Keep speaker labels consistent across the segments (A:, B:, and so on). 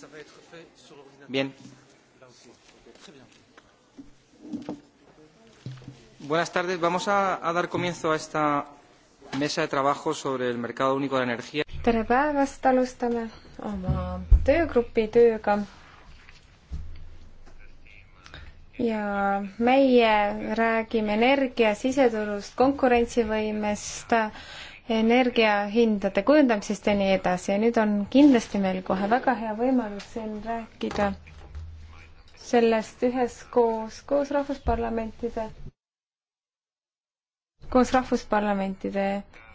A: Ça va être fait sur l'ordinateur. Bien. Là aussi. Très bien. Buenas tardes. Vamos a, a dar comienzo a esta mesa de trabajo sobre el mercado único de la energía.
B: tere päevast, alustame oma töögrupi tööga. ja meie räägime energia siseturust, konkurentsivõimest energiahindade kujundamisest ja nii edasi ja nüüd on kindlasti meil kohe väga hea võimalus siin rääkida sellest üheskoos, koos rahvusparlamentide, koos rahvusparlamentide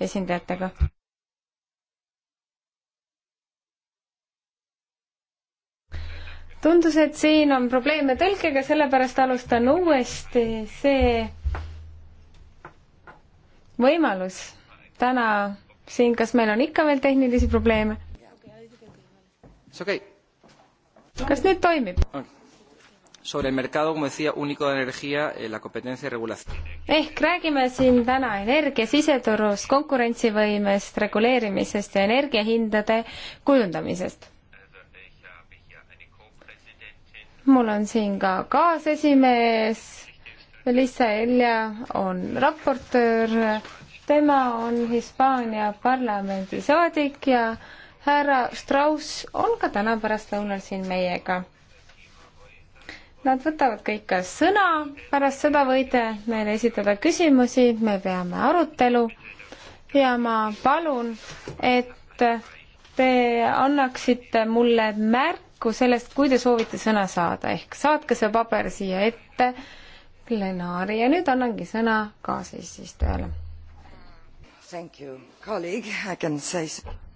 B: esindajatega. tundus, et siin on probleeme tõlkega, sellepärast alustan uuesti. see võimalus täna siin, kas meil on ikka veel tehnilisi probleeme? Okay. kas nüüd toimib?
A: sobre el mercado, como decía, único de energía, eh, la competencia y regulación.
B: ehk räägime siin täna energia siseturust, konkurentsivõimest, reguleerimisest ja energiahindade kujundamisest. mul on siin ka kaasesimees, Melissa Elja on raportöör tema on Hispaania parlamendi saadik ja härra Strauss on ka täna pärastlõunal siin meiega. Nad võtavad kõik ka sõna, pärast seda võite meile esitada küsimusi, me peame arutelu ja ma palun, et te annaksite mulle märku sellest, kui te soovite sõna saada, ehk saatke see paber siia ette plenaari ja nüüd annangi sõna kaasesistujale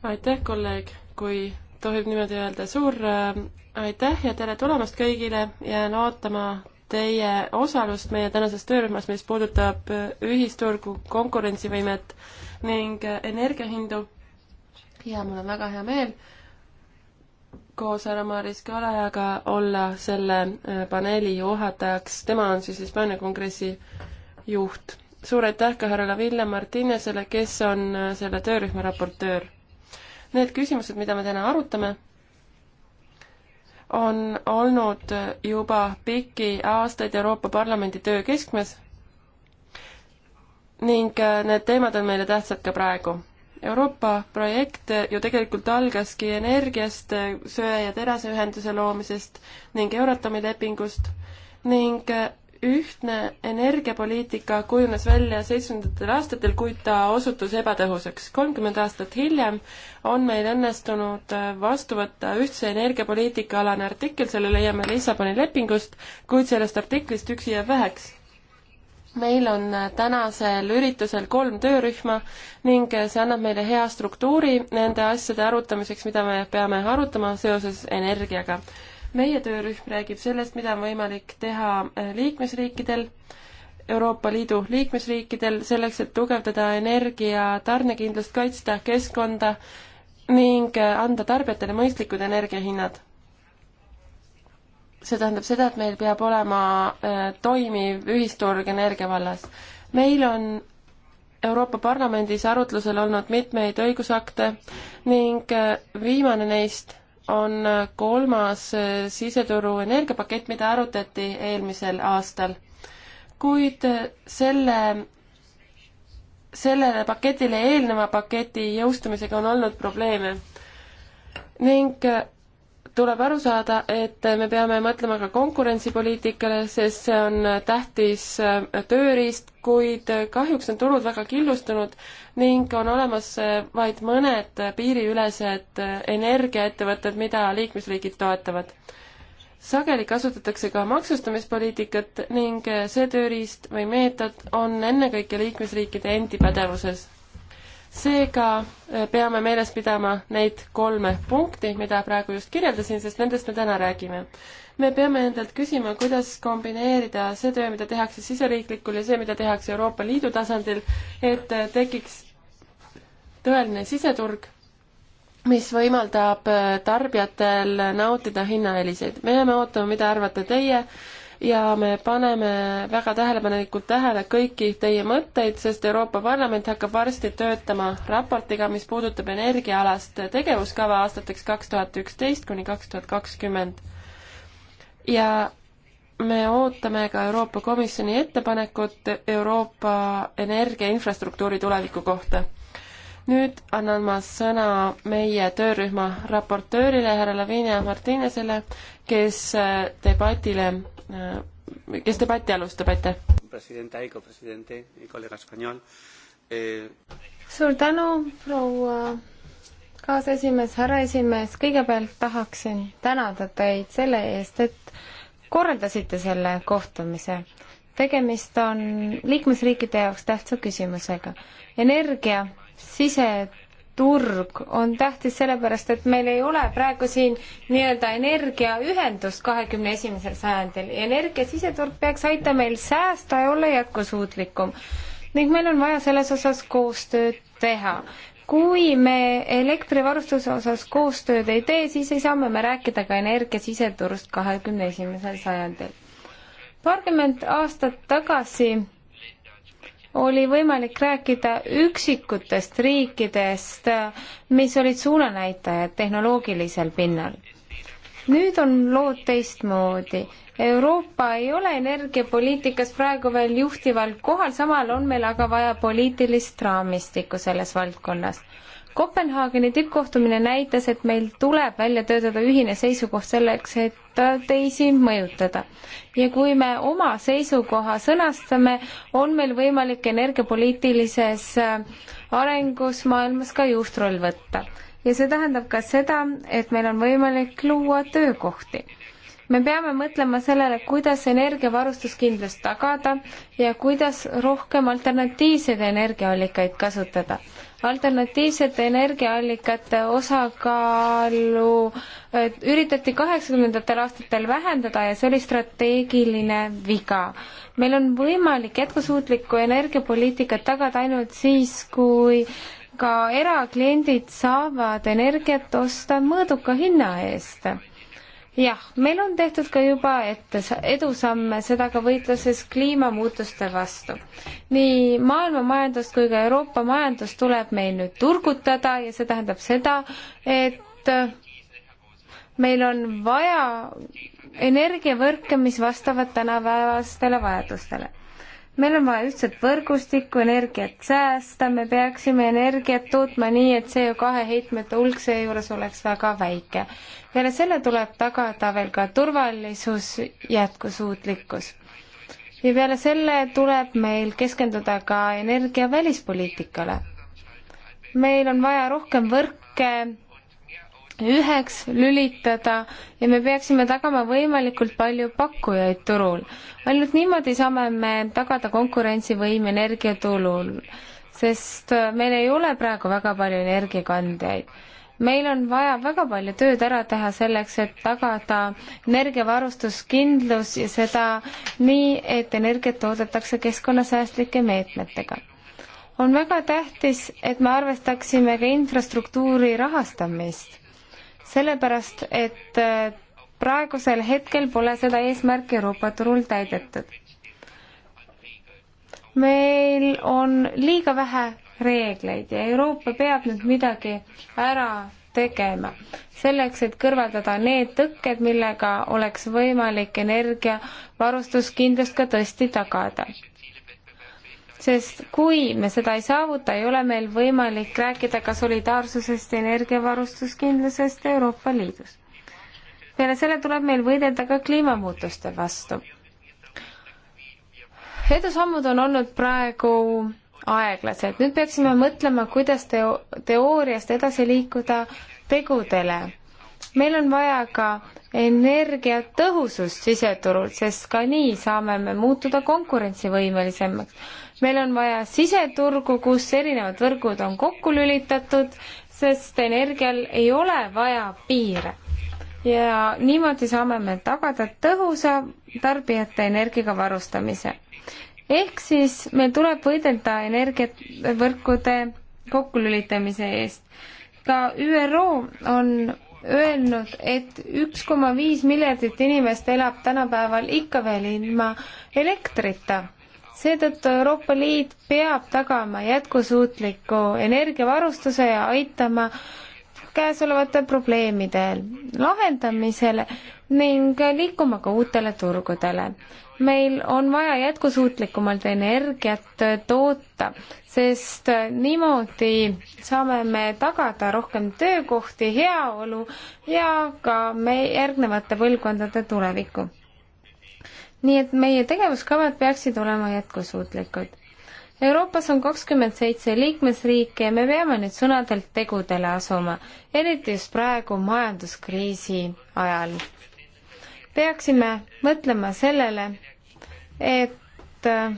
C: aitäh, kolleeg, kui tohib niimoodi öelda, suur äh, aitäh ja tere tulemast kõigile, jään ootama teie osalust meie tänases töörühmas, mis puudutab äh, ühisturgu, konkurentsivõimet ning äh, energiahindu. ja mul on väga hea meel koos härra Maris Kalajaga olla selle paneeli juhatajaks, tema on siis Hispaania kongressi juht suur aitäh ka härrale Ville Martinesele, kes on äh, selle töörühma raportöör. Need küsimused, mida me täna arutame, on olnud juba pikki aastaid Euroopa Parlamendi töö keskmes ning äh, need teemad on meile tähtsad ka praegu. Euroopa projekt ju tegelikult algaski energiast, äh, söe- ja teraseühenduse loomisest ning Euratomi lepingust ning ühtne energiapoliitika kujunes välja seitsmendatel aastatel, kuid ta osutus ebatõhusaks. kolmkümmend aastat hiljem on meil õnnestunud vastu võtta ühtse energiapoliitika alane artikkel, selle leiame Lissaboni lepingust, kuid sellest artiklist üksi jääb väheks. meil on tänasel üritusel kolm töörühma ning see annab meile hea struktuuri nende asjade arutamiseks, mida me peame arutama seoses energiaga meie töörühm räägib sellest, mida on võimalik teha äh, liikmesriikidel, Euroopa Liidu liikmesriikidel, selleks et tugevdada energia tarnekindlust, kaitsta keskkonda ning äh, anda tarbijatele mõistlikud energiahinnad see tähendab seda, et meil peab olema äh, toimiv ühisturg energia vallas. meil on Euroopa Parlamendis arutlusel olnud mitmeid õigusakte ning viimane neist on kolmas siseturu energiapakett, mida arutati eelmisel aastal. kuid selle, sellele paketile eelneva paketi jõustumisega on olnud probleeme ning tuleb aru saada, et me peame mõtlema ka konkurentsipoliitikale, sest see on tähtis äh, tööriist, kuid äh, kahjuks on turud väga killustunud ning on olemas äh, vaid mõned piiriülesed energiaettevõtted, mida liikmesriigid toetavad. sageli kasutatakse ka maksustamispoliitikat ning see tööriist või meetod on ennekõike liikmesriikide endi pädevuses seega äh, peame meeles pidama neid kolme punkti, mida praegu just kirjeldasin, sest nendest me täna räägime. me peame endalt küsima, kuidas kombineerida see töö, mida tehakse siseriiklikul ja see, mida tehakse Euroopa Liidu tasandil, et äh, tekiks tõeline siseturg, mis võimaldab äh, tarbijatel nautida hinnaeliseid. me jääme ootama, mida arvate teie ja me paneme väga tähelepanelikult tähele kõiki teie mõtteid, sest Euroopa Parlament hakkab varsti töötama raportiga, mis puudutab energiaalast tegevuskava aastateks kaks tuhat üksteist kuni kaks tuhat kakskümmend. ja me ootame ka Euroopa Komisjoni ettepanekut Euroopa energiainfrastruktuuri tuleviku kohta nüüd annan ma sõna meie töörühma raportöörile, härra Lavinia Martinesele, kes debatile kes debatti alustab, aitäh! Eh, suur tänu,
B: proua kaasesimees, härra esimees, kõigepealt tahaksin tänada teid selle eest, et korraldasite selle kohtumise. tegemist on liikmesriikide jaoks tähtsa küsimusega. energia, sise- turg on tähtis sellepärast, et meil ei ole praegu siin nii-öelda energiaühendust kahekümne esimesel sajandil. energia siseturg peaks aitama meil säästa ja olla jätkusuutlikum. ning meil on vaja selles osas koostööd teha. kui me elektrivarustuse osas koostööd ei tee, siis ei saa me rääkida ka energia siseturust kahekümne esimesel sajandil. paarkümmend aastat tagasi oli võimalik rääkida üksikutest riikidest, mis olid suunanäitajad tehnoloogilisel pinnal. nüüd on lood teistmoodi. Euroopa ei ole energiapoliitikas praegu veel juhtival kohal, samal on meil aga vaja poliitilist raamistikku selles valdkonnas Kopenhaageni tippkohtumine näitas, et meil tuleb välja töötada ühine seisukoht selleks, et teisi mõjutada. ja kui me oma seisukoha sõnastame, on meil võimalik energiapoliitilises arengus maailmas ka juhtroll võtta. ja see tähendab ka seda, et meil on võimalik luua töökohti me peame mõtlema sellele, kuidas energiavarustuskindlust tagada ja kuidas rohkem alternatiivseid energiaallikaid kasutada alternatiivsete energiaallikate osakaalu üritati kaheksakümnendatel aastatel vähendada ja see oli strateegiline viga. meil on võimalik jätkusuutlikku energiapoliitikat tagada ainult siis, kui ka erakliendid saavad energiat osta mõõduka hinna eest jah, meil on tehtud ka juba ette edusamme, seda ka võitluses kliimamuutuste vastu. nii maailma majandust kui ka Euroopa majandust tuleb meil nüüd turgutada ja see tähendab seda, et meil on vaja energiavõrke, mis vastavad tänapäevastele vajadustele meil on vaja ühtset võrgustikku, energiat säästa, me peaksime energiat tootma nii, et CO2 heitmete hulk seejuures oleks väga väike. peale selle tuleb tagada veel ka turvalisus, jätkusuutlikkus. ja peale selle tuleb meil keskenduda ka energia välispoliitikale. meil on vaja rohkem võrke üheks lülitada ja me peaksime tagama võimalikult palju pakkujaid turul. ainult niimoodi saame me tagada konkurentsivõime energiaturul, sest meil ei ole praegu väga palju energiakandjaid. meil on vaja väga palju tööd ära teha selleks, et tagada energiavarustuskindlus ja seda nii, et energiat toodetakse keskkonnasäästlike meetmetega on väga tähtis, et me arvestaksime ka infrastruktuuri rahastamist sellepärast et äh, praegusel hetkel pole seda eesmärki Euroopa turul täidetud. meil on liiga vähe reegleid ja Euroopa peab nüüd midagi ära tegema selleks, et kõrvaldada need tõkked, millega oleks võimalik energiavarustuskindlust ka tõesti tagada sest kui me seda ei saavuta, ei ole meil võimalik rääkida ka solidaarsusest ja energiavarustuskindlusest Euroopa Liidus. peale selle tuleb meil võidelda ka kliimamuutuste vastu. edusammud on olnud praegu aeglased, nüüd peaksime mõtlema, kuidas teo-, teooriast edasi liikuda tegudele. meil on vaja ka energiatõhusust siseturul, sest ka nii saame me muutuda konkurentsivõimelisemaks meil on vaja siseturgu, kus erinevad võrgud on kokku lülitatud, sest energial ei ole vaja piire. ja niimoodi saame me tagada tõhusa tarbijate energiaga varustamise. ehk siis meil tuleb võidelda energiavõrkude kokkulülitamise eest. ka ÜRO on öelnud, et üks koma viis miljardit inimest elab tänapäeval ikka veel ilma elektrita seetõttu Euroopa Liit peab tagama jätkusuutliku energiavarustuse ja aitama käesolevate probleemide lahendamisele ning liikuma ka uutele turgudele. meil on vaja jätkusuutlikumalt energiat toota, sest niimoodi saame me tagada rohkem töökohti, heaolu ja ka meie järgnevate põlvkondade tulevikku nii et meie tegevuskavad peaksid olema jätkusuutlikud. Euroopas on kakskümmend seitse liikmesriiki ja me peame nüüd sõnadelt tegudele asuma, eriti just praegu majanduskriisi ajal. peaksime mõtlema sellele, et äh,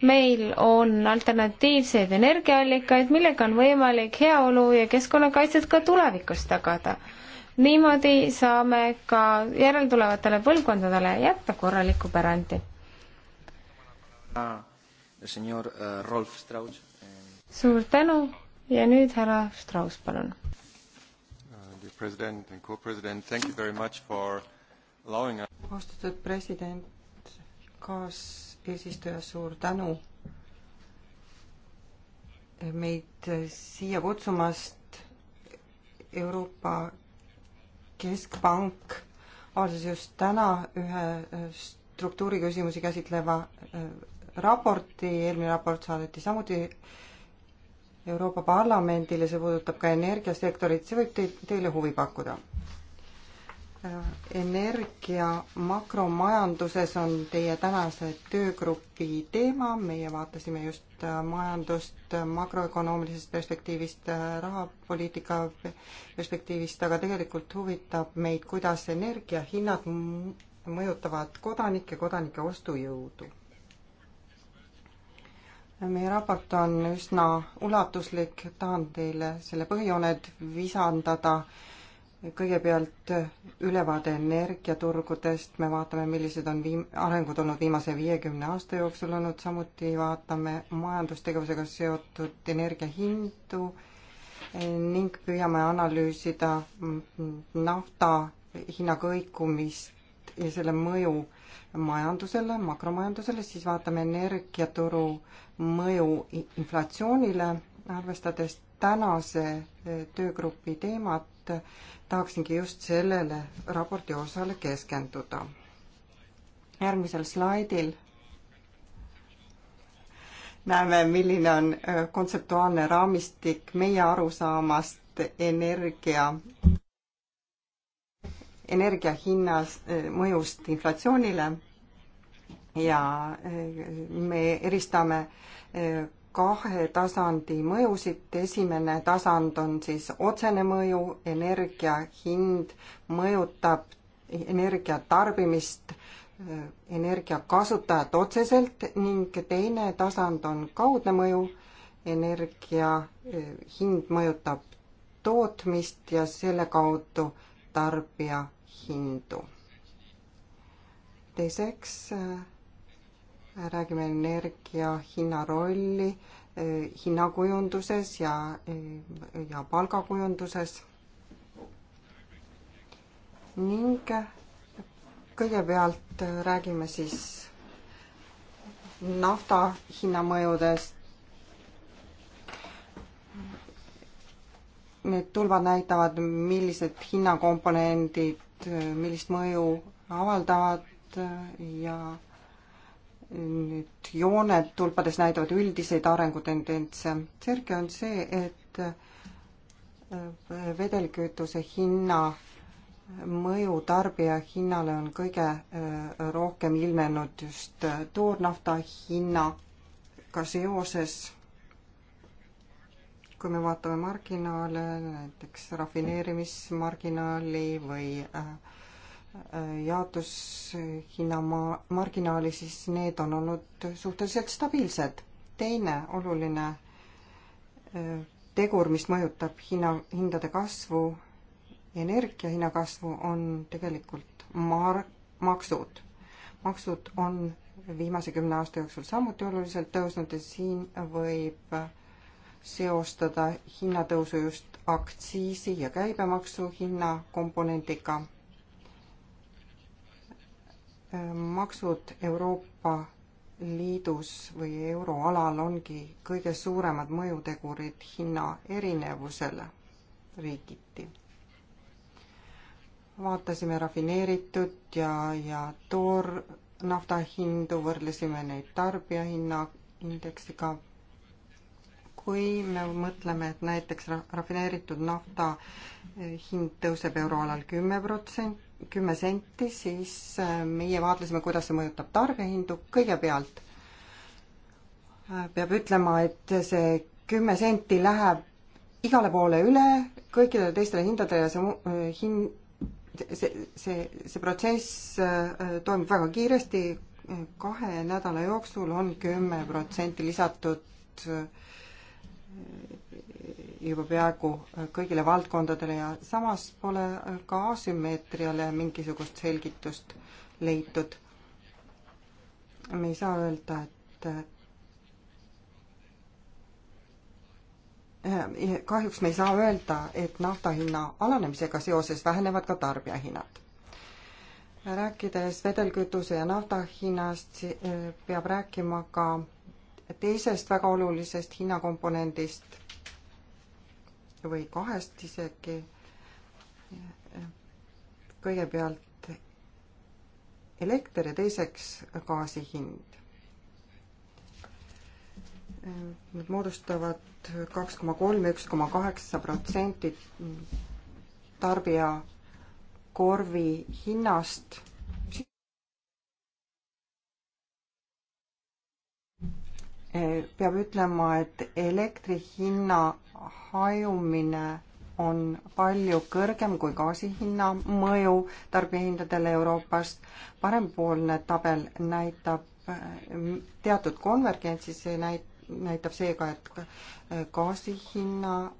B: meil on alternatiivseid energiaallikaid, millega on võimalik heaolu ja keskkonnakaitset ka tulevikus tagada niimoodi saame ka järeltulevatele põlvkondadele jätta korraliku pärandi.
A: Ah, eh, eh.
B: suur tänu ja nüüd
D: härra Strauss, palun.
A: Uh,
D: austatud president, kaaseesistuja, suur tänu meid siia kutsumast Euroopa keskpank avaldas just täna ühe äh, struktuuriküsimusi käsitleva äh, raporti, eelmine raport saadeti samuti Euroopa Parlamendile, see puudutab ka energiasektorit, see võib teid, teile huvi pakkuda energia makromajanduses on teie tänase töögrupi teema, meie vaatasime just äh, majandust äh, makroökonoomilisest perspektiivist, äh, rahapoliitika perspektiivist, aga tegelikult huvitab meid, kuidas energiahinnad mõjutavad kodanikke, kodanike ostujõudu. meie raport on üsna ulatuslik, tahan teile selle põhijooned visandada kõigepealt äh, ülevaade energiaturgudest, me vaatame, millised on viim-, arengud olnud viimase viiekümne aasta jooksul olnud, samuti vaatame majandustegevusega seotud energiahindu äh, ning püüame analüüsida mm, nafta hinna kõikumist ja selle mõju majandusele, makromajandusele, siis vaatame energiaturu mõju inflatsioonile, arvestades tänase äh, töögrupi teemat, et tahaksingi just sellele raporti osale keskenduda. järgmisel slaidil näeme, milline on äh, kontseptuaalne raamistik meie arusaamast energia, energia hinna äh, mõjust inflatsioonile ja äh, me eristame kahe tasandi mõjusid, esimene tasand on siis otsene mõju, energia hind mõjutab energia tarbimist, energia kasutajat otseselt ning teine tasand on kaudne mõju, energia eh, hind mõjutab tootmist ja selle kaudu tarbija hindu. teiseks eh, räägime energia hinna rolli eh, hinnakujunduses ja, eh, ja palgakujunduses ning kõigepealt räägime siis nafta hinnamõjudest. Need tulvad näitavad, millised hinnakomponendid eh, millist mõju avaldavad ja nüüd jooned tulpades näitavad üldiseid arengutendentse. selge on see, et äh, vedelkütuse hinna mõju tarbijahinnale on kõige äh, rohkem ilmnenud just äh, toornafta hinnaga seoses. kui me vaatame marginaale, näiteks rafineerimismarginaali või äh, Äh, jaotushinna ma-, marginaali, siis need on olnud suhteliselt stabiilsed. teine oluline äh, tegur, mis mõjutab hinna, hindade kasvu, energia hinna kasvu, on tegelikult mar-, maksud. maksud on viimase kümne aasta jooksul samuti oluliselt tõusnud ja siin võib seostada hinnatõusu just aktsiisi ja käibemaksu hinna komponendiga Äh, maksud Euroopa Liidus või euroalal ongi kõige suuremad mõjutegurid hinna erinevusele riigiti. vaatasime rafineeritud ja, ja toornafta hindu, võrdlesime neid tarbijahinna indeksiga. kui me mõtleme, et näiteks rafineeritud nafta eh, hind tõuseb euroalal kümme protsenti, kümme senti, siis äh, meie vaatlesime, kuidas see mõjutab tarbijahindu. kõigepealt äh, peab ütlema, et see kümme senti läheb igale poole üle kõikidele teistele hindadele ja see äh, hin-, see, see, see protsess toimub väga kiiresti, kahe nädala jooksul on kümme protsenti lisatud juba peaaegu äh, kõigile valdkondadele ja samas pole äh, ka asümmeetriale mingisugust selgitust leitud. me ei saa öelda, et äh, kahjuks me ei saa öelda, et nafta hinna alanemisega seoses vähenevad ka tarbijahinnad rääkides vedelkütuse ja nafta hinnast, peab rääkima ka teisest väga olulisest hinnakomponendist, või kahest isegi. kõigepealt elekter ja teiseks gaasi hind. Need moodustavad kaks koma kolm ja üks koma kaheksa protsenti tarbija korvi hinnast peab ütlema, et elektri hinna hajumine on palju kõrgem kui gaasi hinna mõju tarbijahindadele Euroopas. parempoolne tabel näitab teatud konvergentsi, see näit-, näitab seega, et gaasi hinna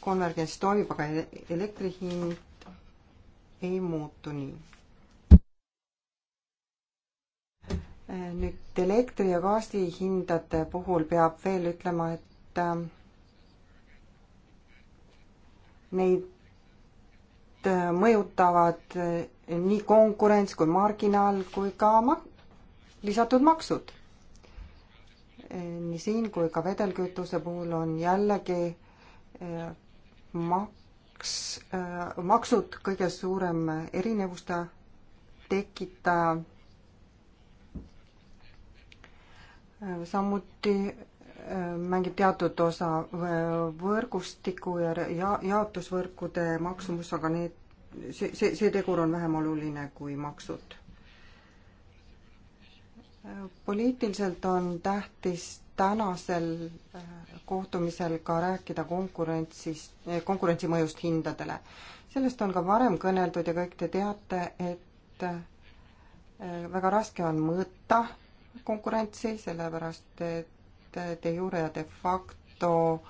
D: konvergents toimib, aga elektri hind ei muutu nii. nüüd elektri ja gaasi hindade puhul peab veel ütlema, et et äh, neid äh, mõjutavad äh, nii konkurents kui marginaal kui ka mak-, lisatud maksud. nii siin kui ka vedelkütuse puhul on jällegi maks, maksud kõige suurem erinevuste tekitaja. samuti mängib teatud osa äh, võrgustiku ja, ja jaotusvõrkude maksumus, aga need, see, see, see tegur on vähem oluline kui maksud. poliitiliselt on tähtis tänasel äh, kohtumisel ka rääkida konkurentsist, äh, konkurentsi mõjust hindadele. sellest on ka varem kõneldud ja kõik te teate, et väga raske on mõõta konkurentsi, sellepärast et et de jure ja de facto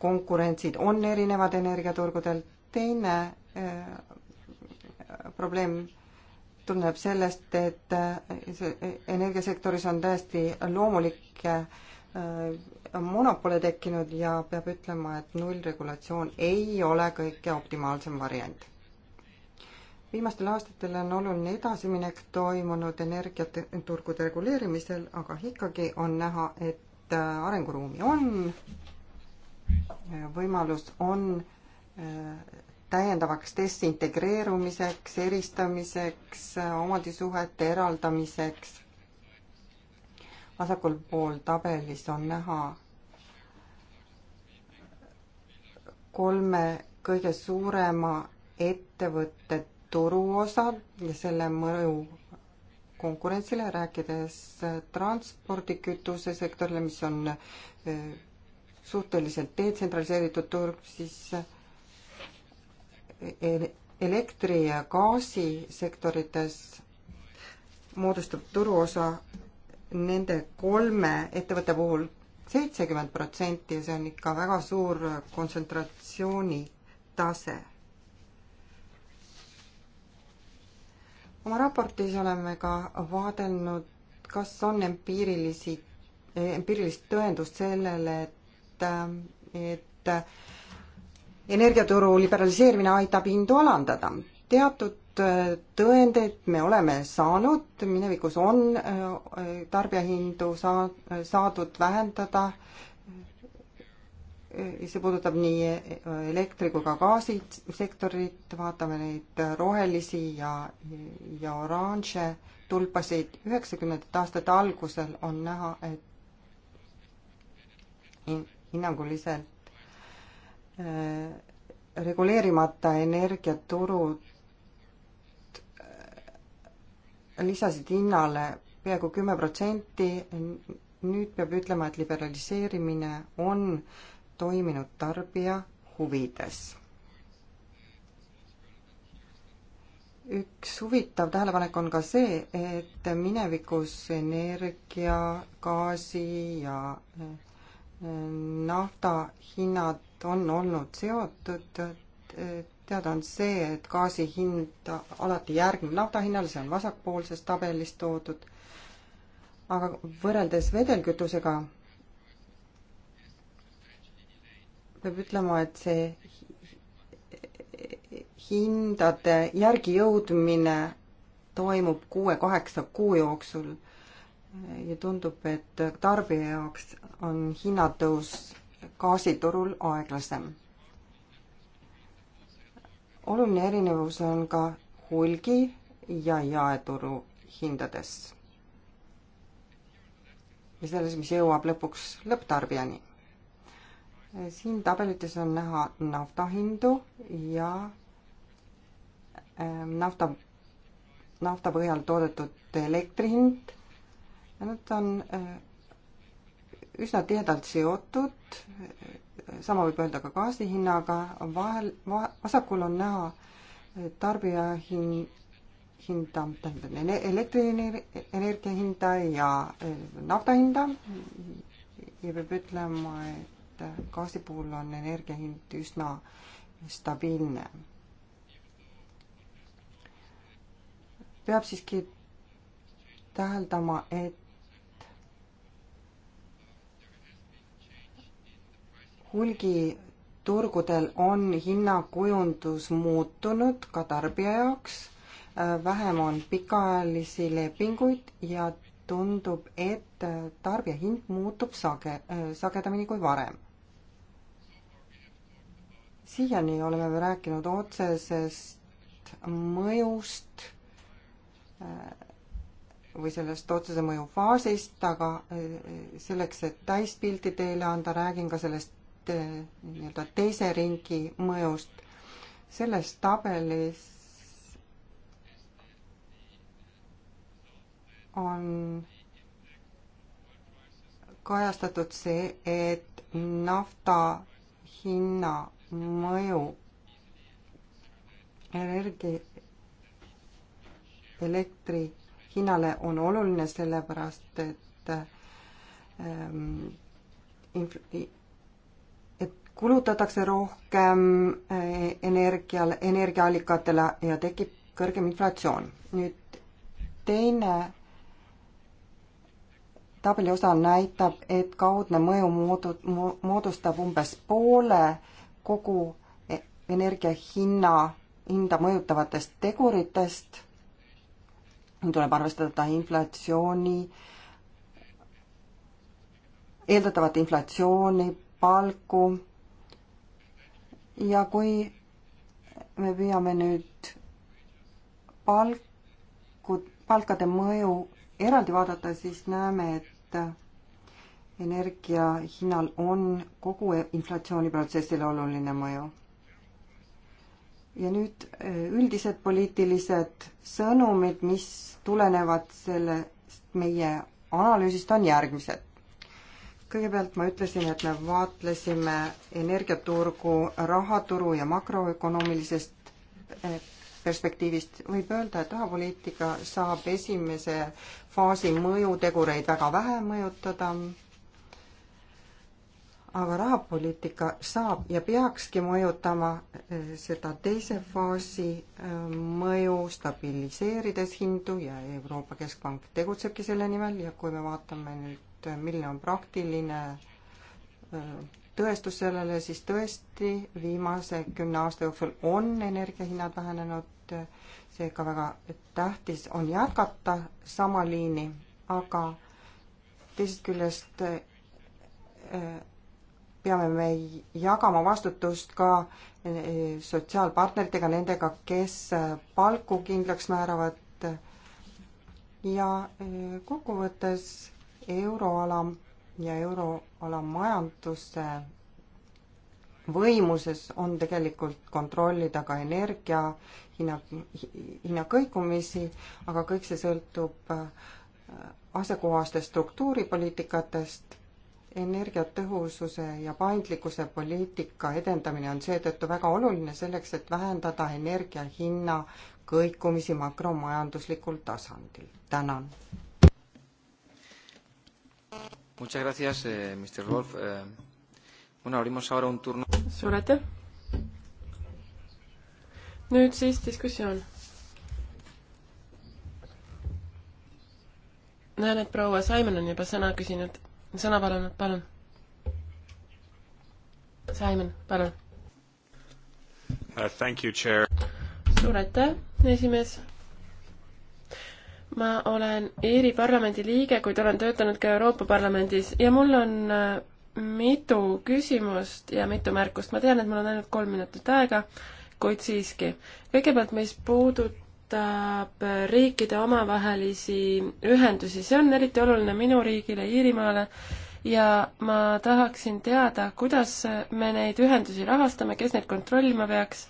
D: konkurentsid on erinevad energiaturgudel, teine eh, probleem tuleneb sellest, et eh, eh, energiasektoris on täiesti loomulikke monopole tekkinud ja peab ütlema, et nullregulatsioon ei ole kõige optimaalsem variant. viimastel aastatel on oluline edasiminek toimunud energiaturgude reguleerimisel, aga ikkagi on näha, et et äh, arenguruumi on, äh, võimalus on äh, täiendavaks desintegreerumiseks, eristamiseks, omandisuhete eraldamiseks. vasakul pool tabelis on näha kolme kõige suurema ettevõtte turuosa ja selle mõju konkurentsile, rääkides transpordikütuse sektorile, mis on eh, suhteliselt detsentraliseeritud turg, siis eh, e-, elektri- ja gaasisektorites moodustab turuosa nende kolme ettevõtte puhul seitsekümmend protsenti ja see on ikka väga suur kontsentratsiooni tase oma raportis oleme ka vaadelnud, kas on empiirilisi, empiirilist tõendust sellele, et, et energiaturu liberaliseerimine aitab hindu alandada. teatud tõendeid me oleme saanud, minevikus on äh, tarbijahindu saa-, saadud vähendada see puudutab nii äh, elektri kui ka gaasisektorit, vaatame neid rohelisi ja, ja oranže tulpasid. üheksakümnendate aastate algusel on näha, et hinnanguliselt äh, reguleerimata energiaturud äh, lisasid hinnale peaaegu kümme protsenti. nüüd peab ütlema, et liberaliseerimine on äh, toiminud tarbija huvides. üks huvitav tähelepanek on ka see, et minevikus energia, gaasi ja eh, nafta hinnad on olnud seotud teada on see, et gaasi hind alati järgneb nafta hinnale, see on vasakpoolses tabelis toodud. aga võrreldes vedelkütusega peab ütlema, et see hindade järgi jõudmine toimub kuue-kaheksa kuu jooksul ja tundub, et tarbija jaoks on hinnatõus gaasiturul aeglasem. oluline erinevus on ka hulgi ja jaeturu hindades. ja selles, mis jõuab lõpuks lõpptarbijani siin tabelites on näha nafta hindu ja ähm, nafta, nafta põhjal toodetud elektri hind. Nad on äh, üsna tihedalt seotud, sama võib öelda ka gaasi hinnaga, vahel va,, vasakul on näha äh, tarbija hin-, hinda, tähendab elektrienergia hinda ja äh, nafta hinda ja peab ütlema, et et gaasi puhul on energia hind üsna stabiilne. peab siiski täheldama, et hulgiturgudel on hinnakujundus muutunud ka tarbija jaoks, vähem on pikaajalisi lepinguid ja tundub, et tarbijahind muutub sage-, sagedamini kui varem siiani oleme me rääkinud otsesest mõjust äh, või sellest otsese mõju faasist, aga äh, selleks, et täispilti teile anda, räägin ka sellest äh, nii-öelda teise ringi mõjust. selles tabelis on kajastatud see, et nafta hinna mõju energia, elektri hinnale on oluline sellepärast, et ähm, inf-, et kulutatakse rohkem äh, energial, energiaallikatele ja tekib kõrgem inflatsioon. nüüd teine tabeli osa näitab, et kaudne mõju moodu-, moodustab umbes poole äh, kogu e-, energia hinna, hinda mõjutavatest teguritest. tuleb arvestada inflatsiooni, eeldatavat inflatsiooni, palku. ja kui me püüame nüüd palku, palkade mõju eraldi vaadata, siis näeme, et energia hinnal on kogu inflatsiooniprotsessile oluline mõju. ja nüüd eh, üldised poliitilised sõnumid, mis tulenevad sellest meie analüüsist, on järgmised. kõigepealt ma ütlesin, et me vaatlesime energiaturgu rahaturu ja makroökonoomilisest eh, perspektiivist võib öelda, et rahapoliitika saab esimese faasi mõjutegureid väga vähe mõjutada aga rahapoliitika saab ja peakski mõjutama eh, seda teise faasi eh, mõju, stabiliseerides hindu ja Euroopa Keskpank tegutsebki selle nimel ja kui me vaatame nüüd, eh, milline on praktiline tõestus sellele, siis tõesti viimase kümne aasta jooksul on energiahinnad vähenenud, seega väga tähtis on jätkata sama liini, aga teisest küljest peame me jagama vastutust ka eh, sotsiaalpartneritega, nendega, kes eh, palku kindlaks määravad. ja eh, kokkuvõttes euroala ja euroala majanduse võimuses on tegelikult kontrollida ka energia hinna, hinna kõikumisi, aga kõik see sõltub asjakohastest struktuuripoliitikatest energiatõhususe ja paindlikkuse poliitika edendamine on seetõttu väga oluline selleks, et vähendada energia hinna kõikumisi makromajanduslikul tasandil. tänan.
A: Muchas gracias eh,, Mr Wolf eh,. Bueno, abrimos ahora un turno. suur
C: aitäh. nüüd siis diskussioon näen, et proua Simon on juba sõna küsinud sõna palunud, palun. Simon, palun
D: uh,. Thank you, chair. suur
C: aitäh, esimees. ma olen Iiri parlamendi liige, kuid olen töötanud ka Euroopa Parlamendis ja mul on uh, mitu küsimust ja mitu märkust. ma tean, et mul on ainult kolm minutit aega, kuid siiski. kõigepealt, mis puudutab puudutab riikide omavahelisi ühendusi, see on eriti oluline minu riigile, Iirimaale, ja ma tahaksin teada, kuidas me neid ühendusi rahastame, kes neid kontrollima peaks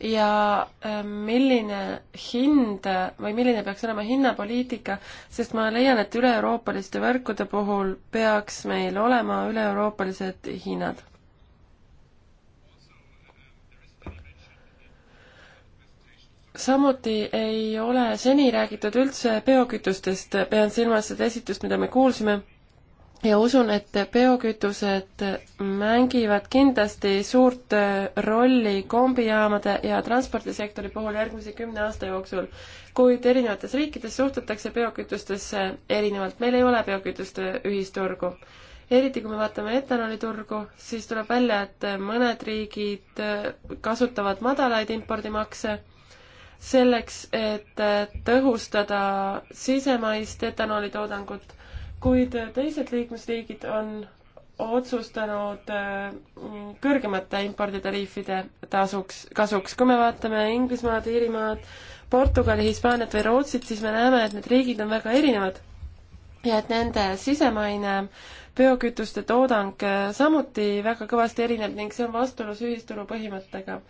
C: ja äh, milline hind või milline peaks olema hinnapoliitika, sest ma leian, et üle-euroopaliste võrkude puhul peaks meil olema üle-euroopalised hinnad. samuti ei ole seni räägitud üldse biokütustest, pean silmas seda esitust, mida me kuulsime, ja usun, et biokütused mängivad kindlasti suurt rolli kombijaamade ja transpordisektori puhul järgmise kümne aasta jooksul, kuid erinevates riikides suhtutakse biokütustesse erinevalt, meil ei ole biokütuste ühisturgu eriti kui me vaatame etanooliturgu, siis tuleb välja, et mõned riigid kasutavad madalaid impordimakse selleks, et tõhustada sisemaist etanoolitoodangut, kuid teised liikmesriigid on otsustanud äh, kõrgemate imporditariifide tasuks, kasuks. kui me vaatame Inglismaad, Iirimaad, Portugali, Hispaaniat või Rootsit, siis me näeme, et need riigid on väga erinevad ja et nende sisemaine biokütuste toodang äh, samuti väga kõvasti erineb ning see on vastuolus ühisturu põhimõttega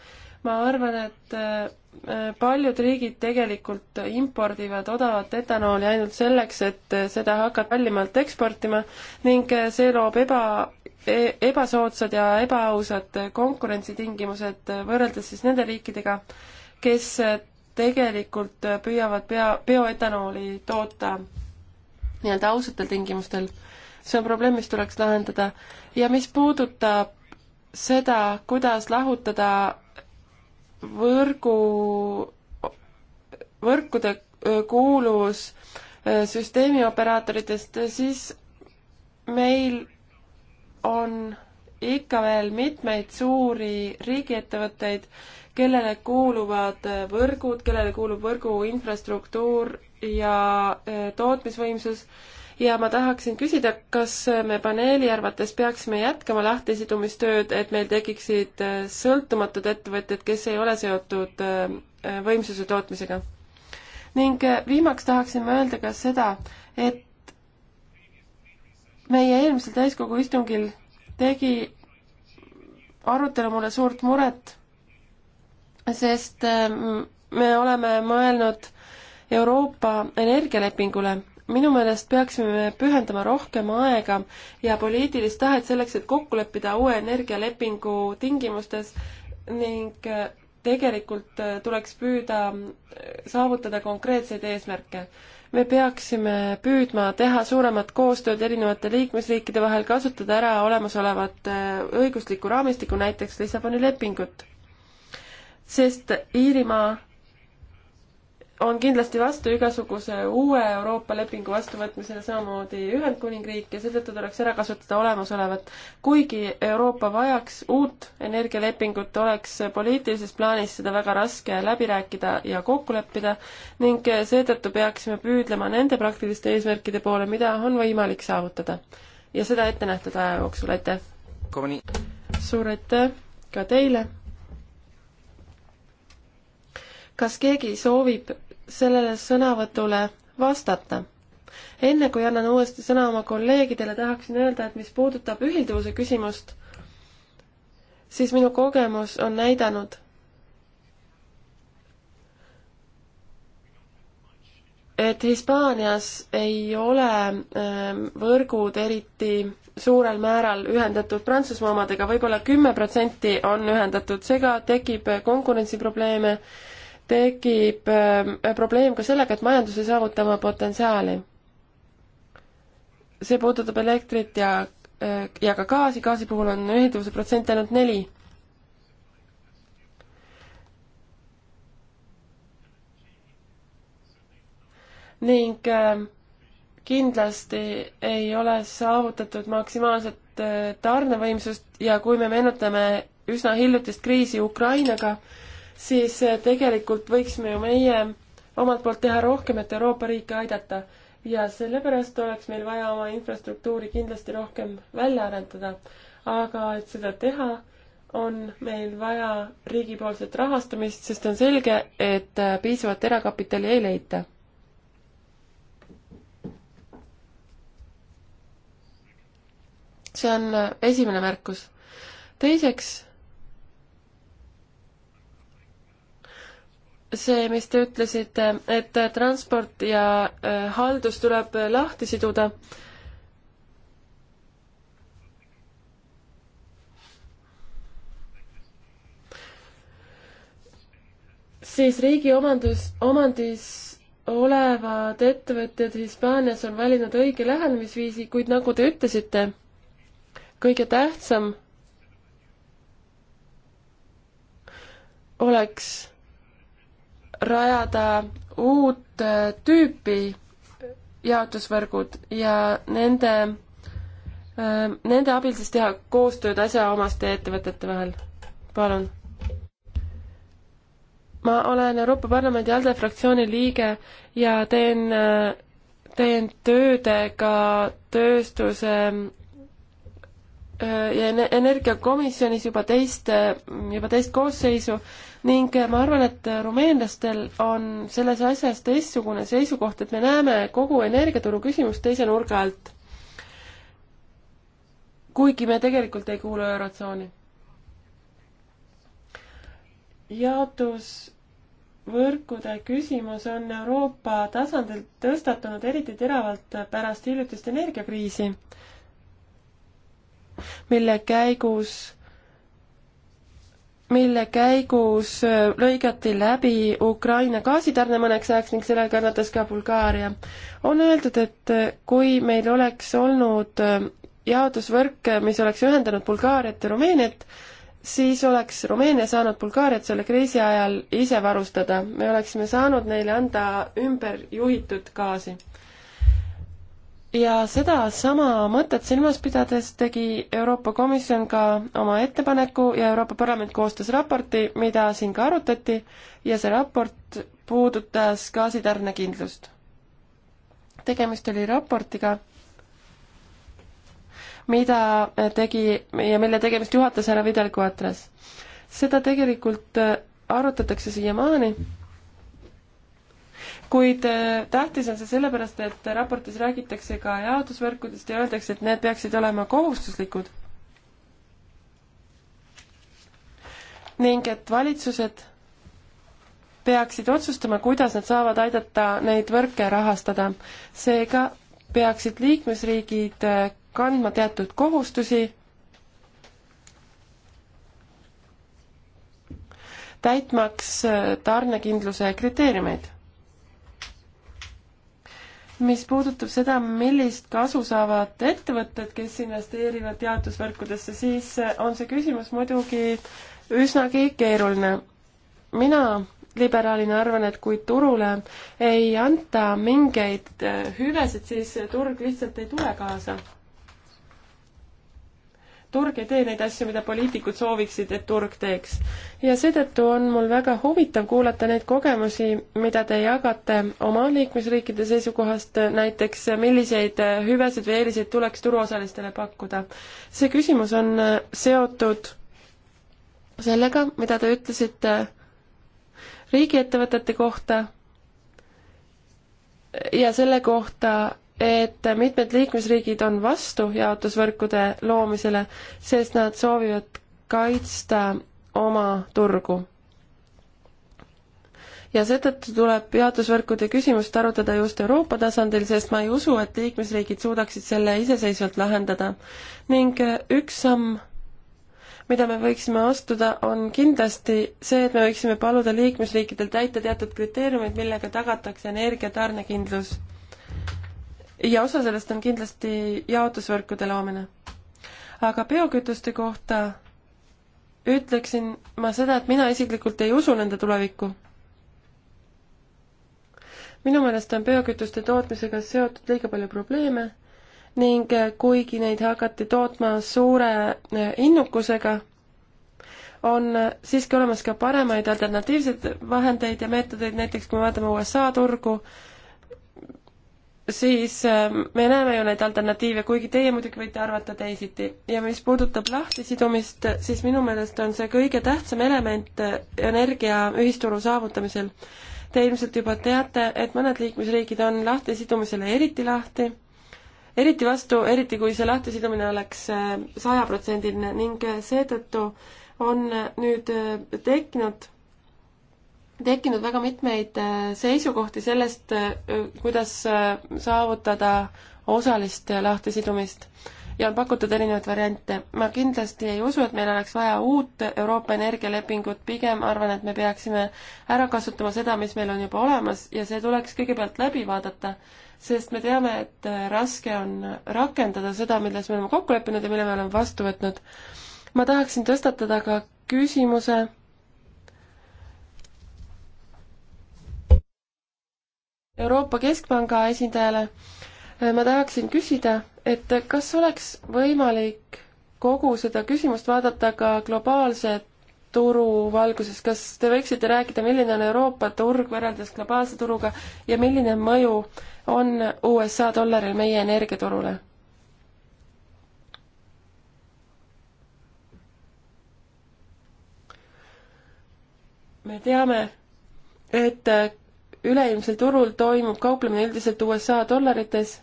C: ma arvan, et äh, äh, paljud riigid tegelikult impordivad odavat etanooli ainult selleks, et äh, seda hakata kallimalt eksportima ning see loob eba, e, ebasoodsad ja ebaausad konkurentsitingimused võrreldes siis nende riikidega, kes tegelikult püüavad pea, bioetanooli toota nii-öelda ausatel tingimustel. see on probleem, mis tuleks lahendada. ja mis puudutab seda, kuidas lahutada võrgu, võrkude kuulus süsteemioperaatoritest, siis meil on ikka veel mitmeid suuri riigiettevõtteid, kellele kuuluvad võrgud, kellele kuulub võrgu infrastruktuur ja tootmisvõimsus ja ma tahaksin küsida, kas me paneeli arvates peaksime jätkama lahtisidumistööd, et meil tekiksid äh, sõltumatud ettevõtjad, kes ei ole seotud äh, võimsuse tootmisega? ning äh, viimaks tahaksin ma öelda ka seda, et meie eelmisel täiskogu istungil tegi arutelu mulle suurt muret, sest me oleme mõelnud Euroopa energialepingule minu meelest peaksime pühendama rohkem aega ja poliitilist tahet selleks, et kokku leppida uue energialepingu tingimustes ning äh, tegelikult äh, tuleks püüda äh, saavutada konkreetseid eesmärke. me peaksime püüdma teha suuremat koostööd erinevate liikmesriikide vahel, kasutada ära olemasolevat õiguslikku raamistikku, näiteks Lissaboni lepingut. sest Iirimaa on kindlasti vastu igasuguse uue Euroopa lepingu vastuvõtmisele, samamoodi Ühendkuningriik ja seetõttu tuleks ära kasutada olemasolevat. kuigi Euroopa vajaks uut energialepingut, oleks poliitilises plaanis seda väga raske läbi rääkida ja kokku leppida ning seetõttu peaksime püüdlema nende praktiliste eesmärkide poole, mida on võimalik saavutada. ja seda ette nähtud aja jooksul, aitäh! suur aitäh ka teile! kas keegi soovib sellele sõnavõtule vastata. enne kui annan uuesti sõna oma kolleegidele, tahaksin öelda, et mis puudutab ühilduvuse küsimust, siis minu kogemus on näidanud, et Hispaanias ei ole ähm, võrgud eriti suurel määral ühendatud Prantsusmaa omadega võib, võib-olla kümme protsenti on ühendatud, seega tekib konkurentsiprobleeme tekib äh, probleem ka sellega, et majandus ei saavuta oma potentsiaali. see puudutab elektrit ja, äh, ja ka gaasi, gaasi puhul on ühilduvuse protsent ainult neli. ning äh, kindlasti ei ole saavutatud maksimaalset tarnevõimsust ja kui me meenutame üsna hiljutist kriisi Ukrainaga, siis eh, tegelikult võiksime ju meie omalt poolt teha rohkem, et Euroopa riike aidata. ja sellepärast oleks meil vaja oma infrastruktuuri kindlasti rohkem välja arendada. aga et seda teha, on meil vaja riigipoolset rahastamist, sest on selge, et eh, piisavat erakapitali ei leita see on eh, esimene märkus. teiseks see, mis te ütlesite, et transport ja äh, haldus tuleb äh, lahti siduda. siis riigi omandus, omandis olevad ettevõtjad Hispaanias on valinud õige lähenemisviisi, kuid nagu te ütlesite, kõige tähtsam oleks rajada uut äh, tüüpi jaotusvõrgud ja nende, äh, nende abil siis teha koostööd asjaomaste ettevõtete vahel. palun. ma olen Euroopa Parlamendi ALDE fraktsiooni liige ja teen, äh, teen tööd ka tööstuse ja energiakomisjonis juba teist, juba teist koosseisu ning ma arvan, et rumeenlastel on selles asjas teistsugune seisukoht, et me näeme kogu energiaturu küsimust teise nurga alt. kuigi me tegelikult ei kuulu Eurotsooni. jaotusvõrkude küsimus on Euroopa tasandil tõstatunud eriti teravalt pärast hiljutist energiakriisi mille käigus mille käigus äh, lõigati läbi Ukraina gaasitarne mõneks ajaks ning sellel kannatas ka Bulgaaria. on öeldud, et äh, kui meil oleks olnud äh, jaotusvõrk, mis oleks ühendanud Bulgaariat ja Rumeeniat, siis oleks Rumeenia saanud Bulgaariat selle kriisi ajal ise varustada. me oleksime saanud neile anda ümber juhitud gaasi ja sedasama mõtet silmas pidades tegi Euroopa Komisjon ka oma ettepaneku ja Euroopa Parlament koostas raporti, mida siin ka arutati ja see raport puudutas gaasitarnekindlust. tegemist oli raportiga, mida tegi ja mille tegemist juhatas härra Vidal Quatras. seda tegelikult arutatakse siiamaani kuid äh, tähtis on see sellepärast, et raportis räägitakse ka jaotusvõrkudest ja öeldakse, et need peaksid olema kohustuslikud. ning et valitsused peaksid otsustama, kuidas nad saavad aidata neid võrke rahastada. seega peaksid liikmesriigid äh, kandma teatud kohustusi täitmaks äh, tarnekindluse kriteeriumeid mis puudutab seda, millist kasu saavad ettevõtted, kes investeerivad teadusvõrkudesse, siis äh, on see küsimus muidugi üsnagi keeruline. mina liberaalina arvan, et kui turule ei anta mingeid äh, hüvesid, siis turg lihtsalt ei tule kaasa turg ei tee neid asju, mida poliitikud sooviksid, et turg teeks. ja seetõttu on mul väga huvitav kuulata neid kogemusi, mida te jagate oma liikmesriikide seisukohast, näiteks milliseid hüvesid või eeliseid tuleks turuosalistele pakkuda. see küsimus on seotud sellega, mida te ütlesite riigiettevõtete kohta ja selle kohta, et mitmed liikmesriigid on vastu jaotusvõrkude loomisele, sest nad soovivad kaitsta oma turgu. ja seetõttu tuleb jaotusvõrkude küsimust arutada just Euroopa tasandil, sest ma ei usu, et liikmesriigid suudaksid selle iseseisvalt lahendada. ning üks samm, mida me võiksime astuda, on kindlasti see, et me võiksime paluda liikmesriikidel täita teatud kriteeriumid, millega tagatakse energia tarnekindlus ja osa sellest on kindlasti jaotusvõrkude loomine. aga biokütuste kohta ütleksin ma seda, et mina isiklikult ei usu nende tulevikku. minu meelest on biokütuste tootmisega seotud liiga palju probleeme ning kuigi neid hakati tootma suure innukusega, on siiski olemas ka paremaid alternatiivseid vahendeid ja meetodeid, näiteks kui me vaatame USA turgu, siis äh, me näeme ju neid alternatiive, kuigi teie muidugi võite arvata teisiti. ja mis puudutab lahtisidumist, siis minu meelest on see kõige tähtsam element äh, energia ühisturu saavutamisel. Te ilmselt juba teate, et mõned liikmesriigid on lahtisidumisele eriti lahti, eriti vastu, eriti kui see lahtisidumine oleks äh, sajaprotsendiline ning seetõttu on nüüd tekkinud tekkinud väga mitmeid äh, seisukohti sellest, äh, kuidas äh, saavutada osalist lahtisidumist ja on pakutud erinevaid variante. ma kindlasti ei usu, et meil oleks vaja uut Euroopa energialepingut, pigem arvan, et me peaksime ära kasutama seda, mis meil on juba olemas ja see tuleks kõigepealt läbi vaadata, sest me teame, et raske on rakendada seda, milles me oleme kokku leppinud ja mille me oleme vastu võtnud. ma tahaksin tõstatada ka küsimuse Euroopa Keskpanga esindajale. Äh, ma tahaksin küsida, et kas oleks võimalik kogu seda küsimust vaadata ka globaalse turu valguses, kas te võiksite rääkida, milline on Euroopa turg võrreldes globaalse turuga ja milline mõju on USA dollaril meie energiaturule? me teame, et üleilmsel turul toimub kauplemine üldiselt USA dollarites.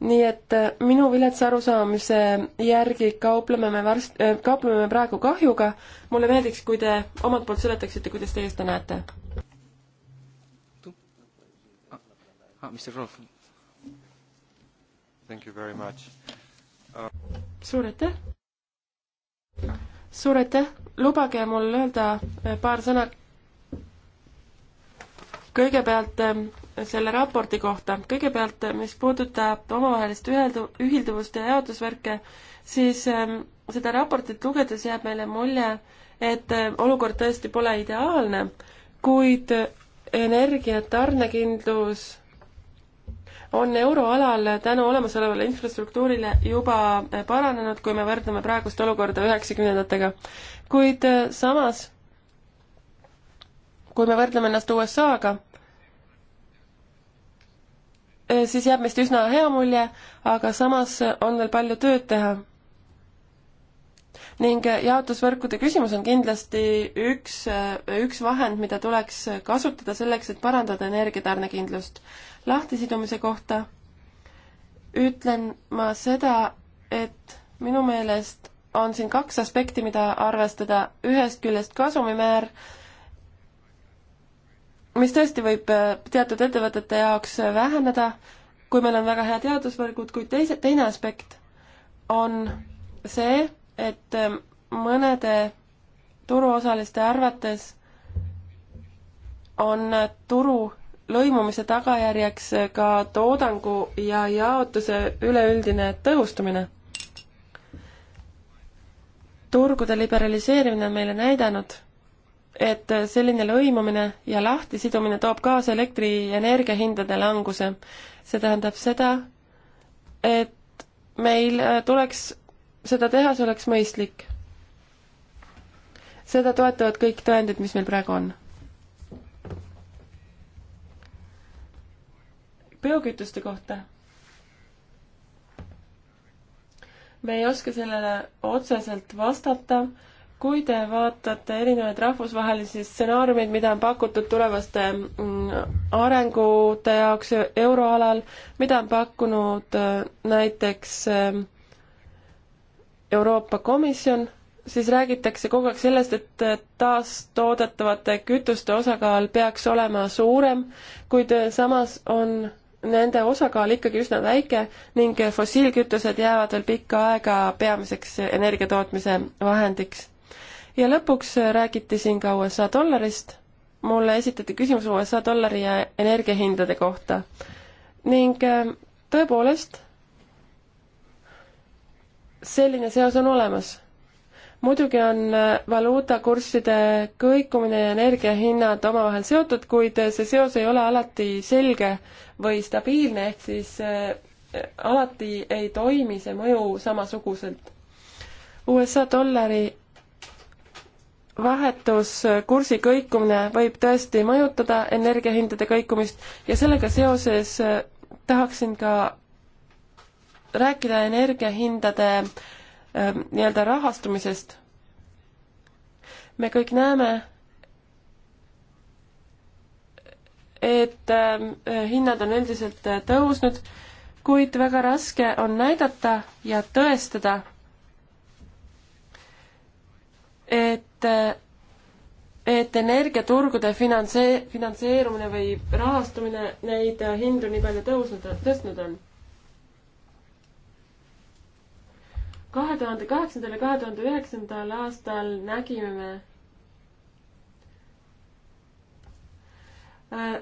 C: nii et äh, minu viletsa arusaamise järgi kaupleme me varsti, äh, kaupleme me praegu kahjuga. mulle meeldiks, kui te omalt poolt seletaksite, kuidas teie seda näete. Ah, ah, uh, suur aitäh! suur aitäh, lubage mul öelda äh, paar sõna kõigepealt ähm, selle raporti kohta, kõigepealt äh, mis puudutab omavahelist üheldu-, ühilduvust ja jaotusvärke, siis ähm, seda raportit lugedes jääb meile mulje, et äh, olukord tõesti pole ideaalne, kuid äh, energiatarnekindlus on euroalal tänu olemasolevale infrastruktuurile juba paranenud, kui me võrdleme praegust olukorda üheksakümnendatega. kuid samas, kui me võrdleme ennast USA-ga, Äh, siis jääb meist üsna hea mulje, aga samas äh, on veel palju tööd teha. ning äh, jaotusvõrkude küsimus on kindlasti üks, üks vahend, mida tuleks kasutada selleks, et parandada energiatarnekindlust. lahtisidumise kohta ütlen ma seda, et minu meelest on siin kaks aspekti, mida arvestada, ühest küljest kasumimäär mis tõesti võib äh, teatud ettevõtete jaoks äh, väheneda, kui meil on väga hea teadusvõrgud, kuid teise, teine aspekt on see, et äh, mõnede turuosaliste arvates on turu lõimumise tagajärjeks ka toodangu ja jaotuse üleüldine tõhustumine. turgude liberaliseerimine on meile näidanud et selline lõimumine ja lahtisidumine toob kaasa elektrienergia hindade languse. see tähendab seda, et meil äh, tuleks seda teha, see oleks mõistlik. seda toetavad kõik tõendid, mis meil praegu on. biokütuste kohta me ei oska sellele otseselt vastata, kui te vaatate erinevaid rahvusvahelisi stsenaariumeid, mida on pakutud tulevaste mm, arengute jaoks euroalal, mida on pakkunud äh, näiteks äh, Euroopa Komisjon, siis räägitakse kogu aeg sellest, et äh, taastoodetavate kütuste osakaal peaks olema suurem, kuid samas on nende osakaal ikkagi üsna väike ning fossiilkütused jäävad veel pikka aega peamiseks energiatootmise vahendiks ja lõpuks äh, räägiti siin ka USA dollarist. mulle esitati küsimus USA dollari ja energiahindade kohta ning äh, tõepoolest, selline seos on olemas. muidugi on äh, valuutakursside kõikumine ja energiahinnad omavahel seotud, kuid see seos ei ole alati selge või stabiilne, ehk siis alati ei toimi see mõju samasuguselt. USA dollari vahetuskursi kõikumine võib tõesti mõjutada energiahindade kõikumist ja sellega seoses äh, tahaksin ka rääkida energiahindade äh, nii-öelda rahastumisest. me kõik näeme, et äh, hinnad on üldiselt tõusnud, kuid väga raske on näidata ja tõestada, et, et energiaturgude finantse-, finantseerumine või rahastumine neid hindu nii palju tõusnud, tõstnud on. kahe tuhande kaheksandal ja kahe tuhande üheksandal aastal nägime me äh,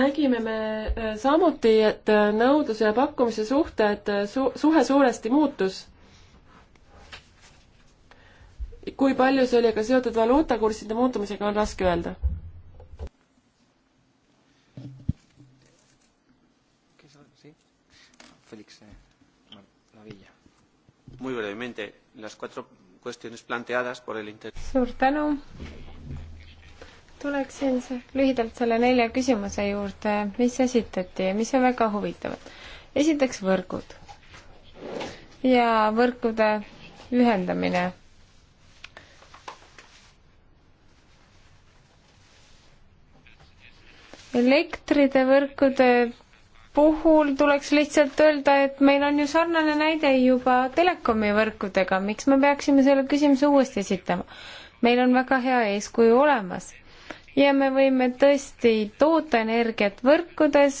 C: nägime me äh, samuti, et äh, nõudluse ja pakkumise suhted äh, su-, suhe suuresti muutus kui palju see oli aga seotud valuutakursside muutumisega, on raske öelda.
A: Félix Lavilla. Eh, Muy brevemente, las cuatro cuestiones planteadas por el inter-. suur
B: tänu. tuleksin lühidalt selle nelja küsimuse juurde, mis esitati ja mis on väga huvitavad. esiteks võrgud ja võrkude ühendamine elektrite võrkude puhul tuleks lihtsalt öelda, et meil on ju sarnane näide juba telekomi võrkudega, miks me peaksime selle küsimuse uuesti esitama? meil on väga hea eeskuju olemas ja me võime tõesti toota energiat võrkudes,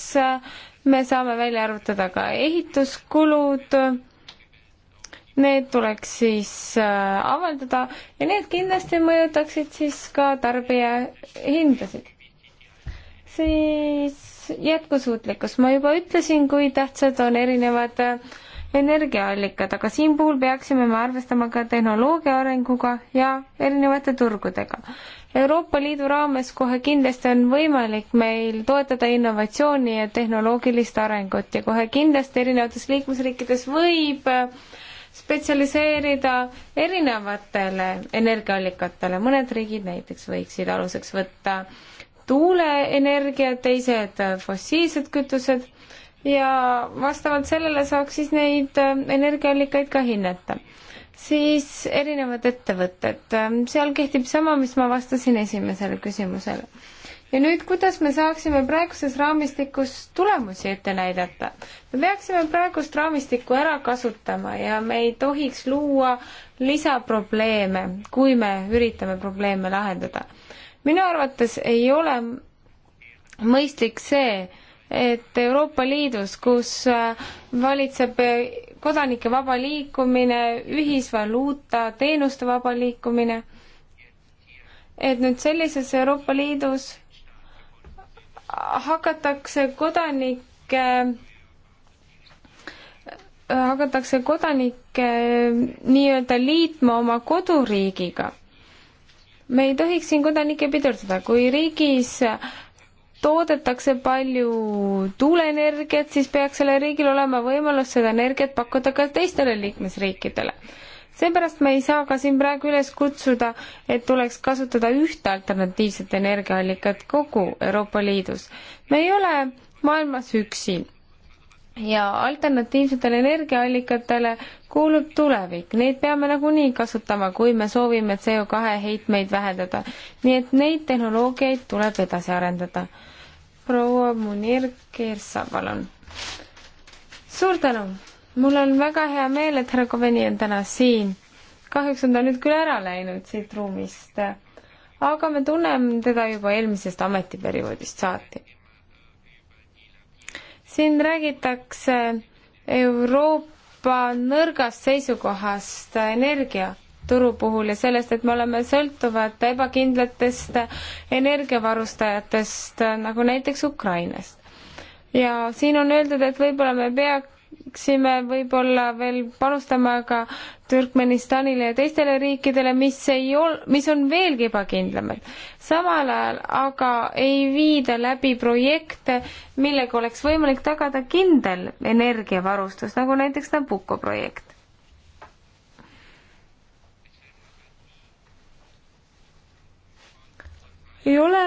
B: me saame välja arvutada ka ehituskulud, need tuleks siis äh, avaldada ja need kindlasti mõjutaksid siis ka tarbija hindasid siis jätkusuutlikkus, ma juba ütlesin, kui tähtsad on erinevad äh, energiaallikad, aga siin puhul peaksime me arvestama ka tehnoloogia arenguga ja erinevate turgudega. Euroopa Liidu raames kohe kindlasti on võimalik meil toetada innovatsiooni ja tehnoloogilist arengut ja kohe kindlasti erinevates liikmesriikides võib äh, spetsialiseerida erinevatele energiaallikatele, mõned riigid näiteks võiksid aluseks võtta äh, tuuleenergia, teised fossiilsed kütused ja vastavalt sellele saaks siis neid äh, energiaallikaid ka hinnata. siis erinevad ettevõtted, ähm, seal kehtib sama, mis ma vastasin esimesele küsimusele. ja nüüd, kuidas me saaksime praeguses raamistikus tulemusi ette näidata? me peaksime praegust raamistikku ära kasutama ja me ei tohiks luua lisaprobleeme, kui me üritame probleeme lahendada minu arvates ei ole mõistlik see, et Euroopa Liidus, kus äh, valitseb äh, kodanike vaba liikumine, ühisvaluuta, teenuste vaba liikumine, et nüüd sellises Euroopa Liidus hakatakse kodanike, hakatakse kodanike äh, nii-öelda liitma oma koduriigiga me ei tohiks siin kodanikke pidurdada, kui riigis toodetakse palju tuuleenergiat, siis peaks sellel riigil olema võimalus seda energiat pakkuda ka teistele liikmesriikidele. seepärast me ei saa ka siin praegu üles kutsuda, et tuleks kasutada ühte alternatiivset energiaallikat kogu Euroopa Liidus. me ei ole maailmas üksi ja alternatiivsetele energiaallikatele kuulub tulevik, neid peame nagunii kasutama, kui me soovime CO2 heitmeid vähendada. nii et neid tehnoloogiaid tuleb edasi arendada. proua Munir Keersa, palun. suur tänu, mul on väga hea meel, et härra Koveni on täna siin. kahjuks on ta nüüd küll ära läinud siit ruumist, aga me tunneme teda juba eelmisest ametiperioodist saati. siin räägitakse Euroopa Euroopa nõrgast seisukohast energiaturu puhul ja sellest, et me oleme sõltuvad ebakindlatest energiavarustajatest, nagu näiteks Ukrainast. ja siin on öeldud, et võib-olla me peaks peaksime võib-olla veel panustama ka Türkmenistanile ja teistele riikidele, mis ei ol-, mis on veelgi ebakindlamad. samal ajal aga ei viida läbi projekte, millega oleks võimalik tagada kindel energiavarustus, nagu näiteks Nabucco projekt. ei ole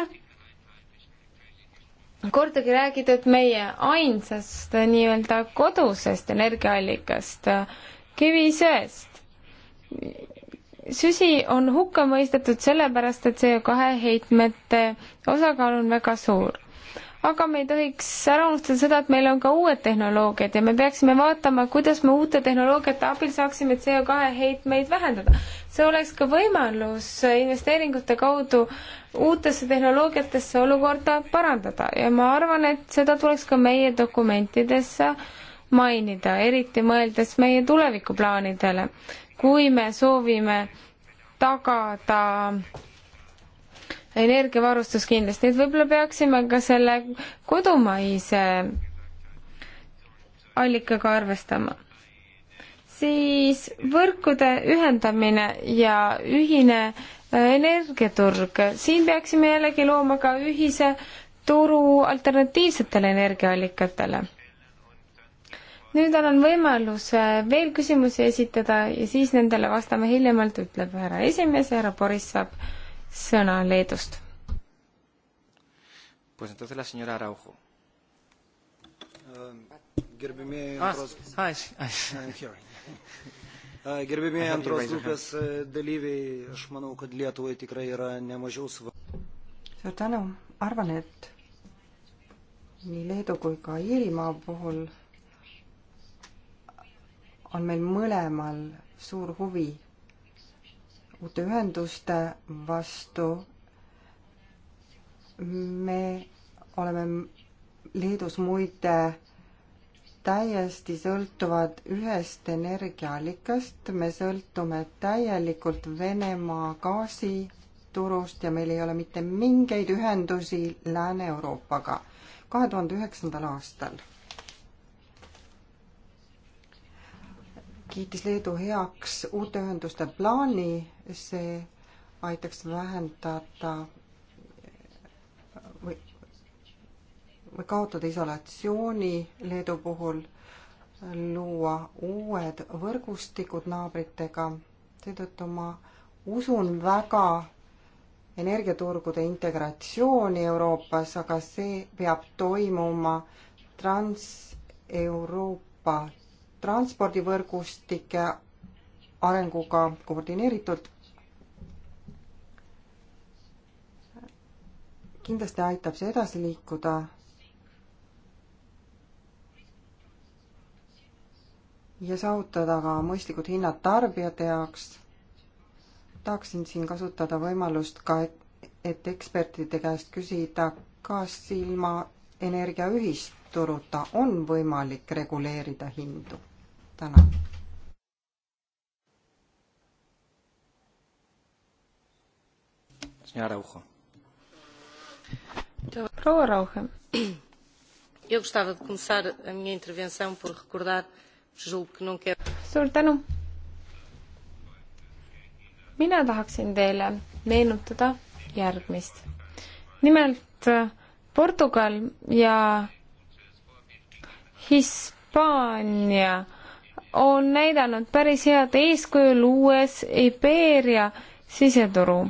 B: kordagi räägitud meie ainsast nii-öelda kodusest energiaallikast, kivisöest. süsi on hukka mõistetud sellepärast, et CO2 heitmete osakaal on väga suur aga me ei tohiks ära unustada seda, et meil on ka uued tehnoloogiad ja me peaksime vaatama, kuidas me uute tehnoloogiate abil saaksime CO2 heitmeid vähendada. see oleks ka võimalus investeeringute kaudu uutesse tehnoloogiatesse olukorda parandada ja ma arvan, et seda tuleks ka meie dokumentidesse mainida, eriti mõeldes meie tulevikuplaanidele, kui me soovime tagada energiavarustuskindlust, nii et võib-olla peaksime ka selle kodumaise allikaga arvestama. siis võrkude ühendamine ja ühine äh, energiaturg, siin peaksime jällegi looma ka ühise turu alternatiivsetele energiaallikatele. nüüd annan võimaluse veel küsimusi esitada ja siis nendele vastame hiljemalt, ütleb härra esimees ja härra Boris saab sõna Leedust.
A: Gerbimi antros grupės dalyviai, aš manau, kad Lietuvai tikrai yra nemažiau svarbu.
D: suur tänu, arvan, et nii Leedu kui ka Iirimaa puhul on meil mõlemal suur huvi uute ühenduste vastu. me oleme Leedus muide täiesti sõltuvad ühest energiaallikast, me sõltume täielikult Venemaa gaasiturust ja meil ei ole mitte mingeid ühendusi Lääne-Euroopaga. kahe tuhande üheksandal aastal kiitis Leedu heaks uute ühenduste plaani, see aitaks vähendada või, või kaotada isolatsiooni Leedu puhul, luua uued võrgustikud naabritega, seetõttu ma usun väga energiaturgude integratsiooni Euroopas, aga see peab toimuma Trans-Euroopa transpordivõrgustike arenguga koordineeritult. kindlasti aitab see edasi liikuda. ja saavutada ka mõistlikud hinnad tarbijate jaoks. tahaksin siin kasutada võimalust ka, et ekspertide käest küsida, kas ilma energiaühisturuta on võimalik reguleerida hindu tänan.
B: proua Rauhe.
D: Eu gostava de começar a minha intervenção por recordar, julgo que não quero.
B: Suur tänu. mina tahaksin teile meenutada järgmist. nimelt äh, Portugal ja Hispaania on näidanud päris head eeskuju, luues Iberia siseturu.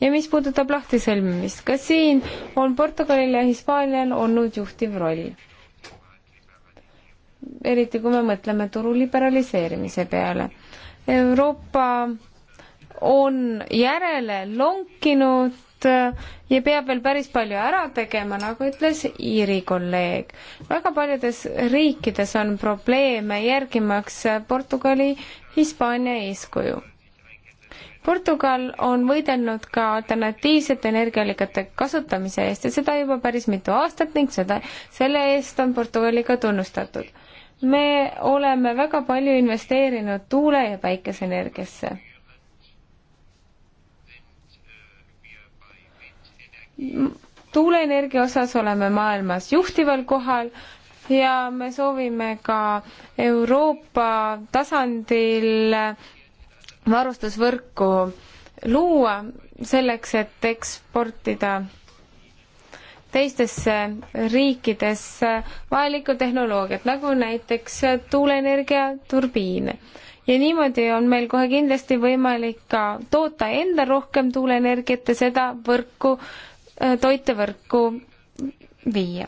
B: ja mis puudutab lahtisõlmimist, ka siin on Portugalil ja Hispaanial olnud juhtiv roll. eriti kui me mõtleme turu liberaliseerimise peale. Euroopa on järele lonkinud tööd ja äh, peab veel päris palju ära tegema, nagu ütles Iiri kolleeg. väga paljudes riikides on probleeme järgimaks äh, Portugali, Hispaania eeskuju. Portugal on võidelnud ka alternatiivsete energiaallikate kasutamise eest ja seda juba päris mitu aastat ning seda, selle eest on Portugali ka tunnustatud. me oleme väga palju investeerinud tuule- ja päikeseenergiasse tuuleenergia osas oleme maailmas juhtival kohal ja me soovime ka Euroopa tasandil varustusvõrku luua selleks, et eksportida teistesse riikidesse vajalikku tehnoloogiat, nagu näiteks tuuleenergia turbiine. ja niimoodi on meil kohe kindlasti võimalik ka toota endal rohkem tuuleenergiat ja seda võrku toitevõrku viia.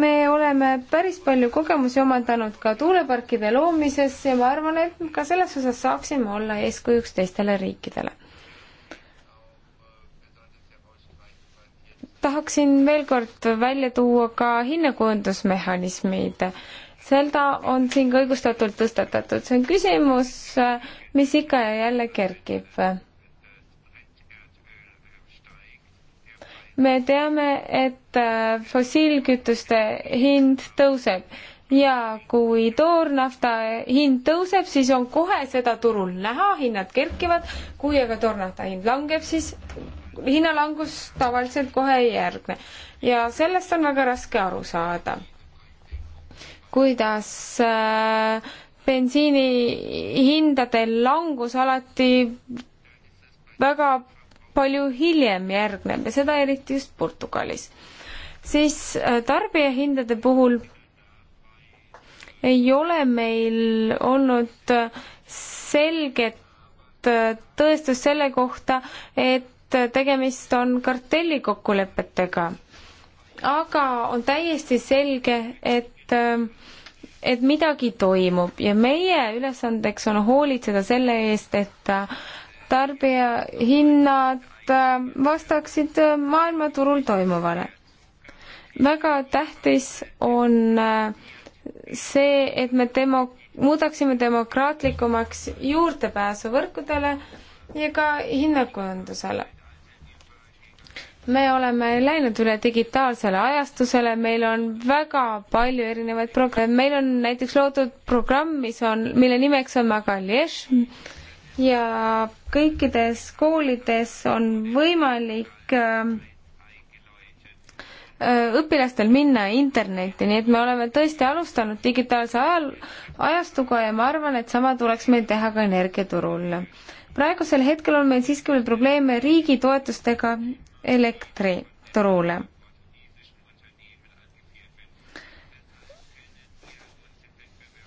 B: me oleme päris palju kogemusi omandanud ka tuuleparkide loomises ja ma arvan, et ka selles osas saaksime olla eeskujuks teistele riikidele. tahaksin veel kord välja tuua ka hinnakujundusmehhanismid seda on siin ka õigustatult tõstatatud. see on küsimus, mis ikka ja jälle kerkib. me teame, et äh, fossiilkütuste hind tõuseb ja kui toornafta hind tõuseb, siis on kohe seda turul näha, hinnad kerkivad, kui aga toornafta hind langeb, siis hinnalangus tavaliselt kohe ei järgne. ja sellest on väga raske aru saada, kuidas äh, bensiini hindade langus alati väga palju hiljem järgneb ja seda eriti just Portugalis. siis äh, tarbijahindade puhul ei ole meil olnud äh, selget äh, tõestust selle kohta, et tegemist on kartellikokkulepetega. aga on täiesti selge, et et midagi toimub ja meie ülesandeks on hoolitseda selle eest, et tarbijahinnad äh, vastaksid äh, maailmaturul toimuvale. väga tähtis on äh, see, et me demo-, muudaksime demokraatlikumaks juurdepääsu võrkudele ja ka hinnakujundusele. me oleme läinud üle digitaalsele ajastusele, meil on väga palju erinevaid programme, meil on näiteks loodud programm, mis on, mille nimeks on Magaliesh, ja kõikides koolides on võimalik äh, äh, õpilastel minna internetti, nii et me oleme tõesti alustanud digitaalse ajal, ajastuga ja ma arvan, et sama tuleks meil teha ka energiaturul. praegusel hetkel on meil siiski veel probleeme riigi toetustega elektriturule.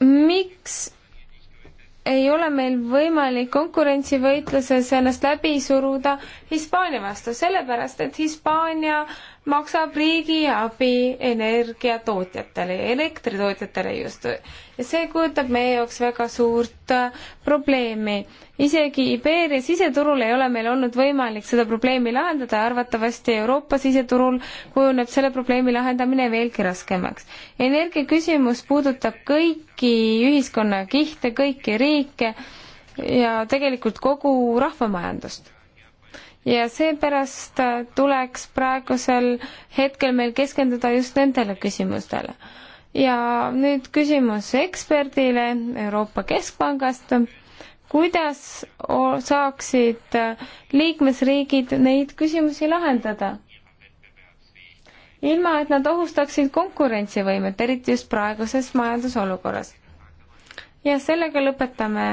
B: miks ei ole meil võimalik konkurentsivõitluses ennast läbi suruda Hispaania vastu, sellepärast et Hispaania äh, maksab riigi abi energiatootjatele ja elektritootjatele just. ja see kujutab meie jaoks väga suurt äh, probleemi. isegi Iberia siseturul ei ole meil olnud võimalik seda probleemi lahendada ja arvatavasti Euroopa siseturul kujuneb selle probleemi lahendamine veelgi raskemaks. energiaküsimus puudutab kõiki ühiskonnakihte, kõiki riike ja tegelikult kogu rahvamajandust ja seepärast äh, tuleks praegusel hetkel meil keskenduda just nendele küsimustele. ja nüüd küsimus eksperdile Euroopa Keskpangast, kuidas saaksid äh, liikmesriigid neid küsimusi lahendada? ilma, et nad ohustaksid konkurentsivõimet, eriti just praeguses majandusolukorras. ja sellega lõpetame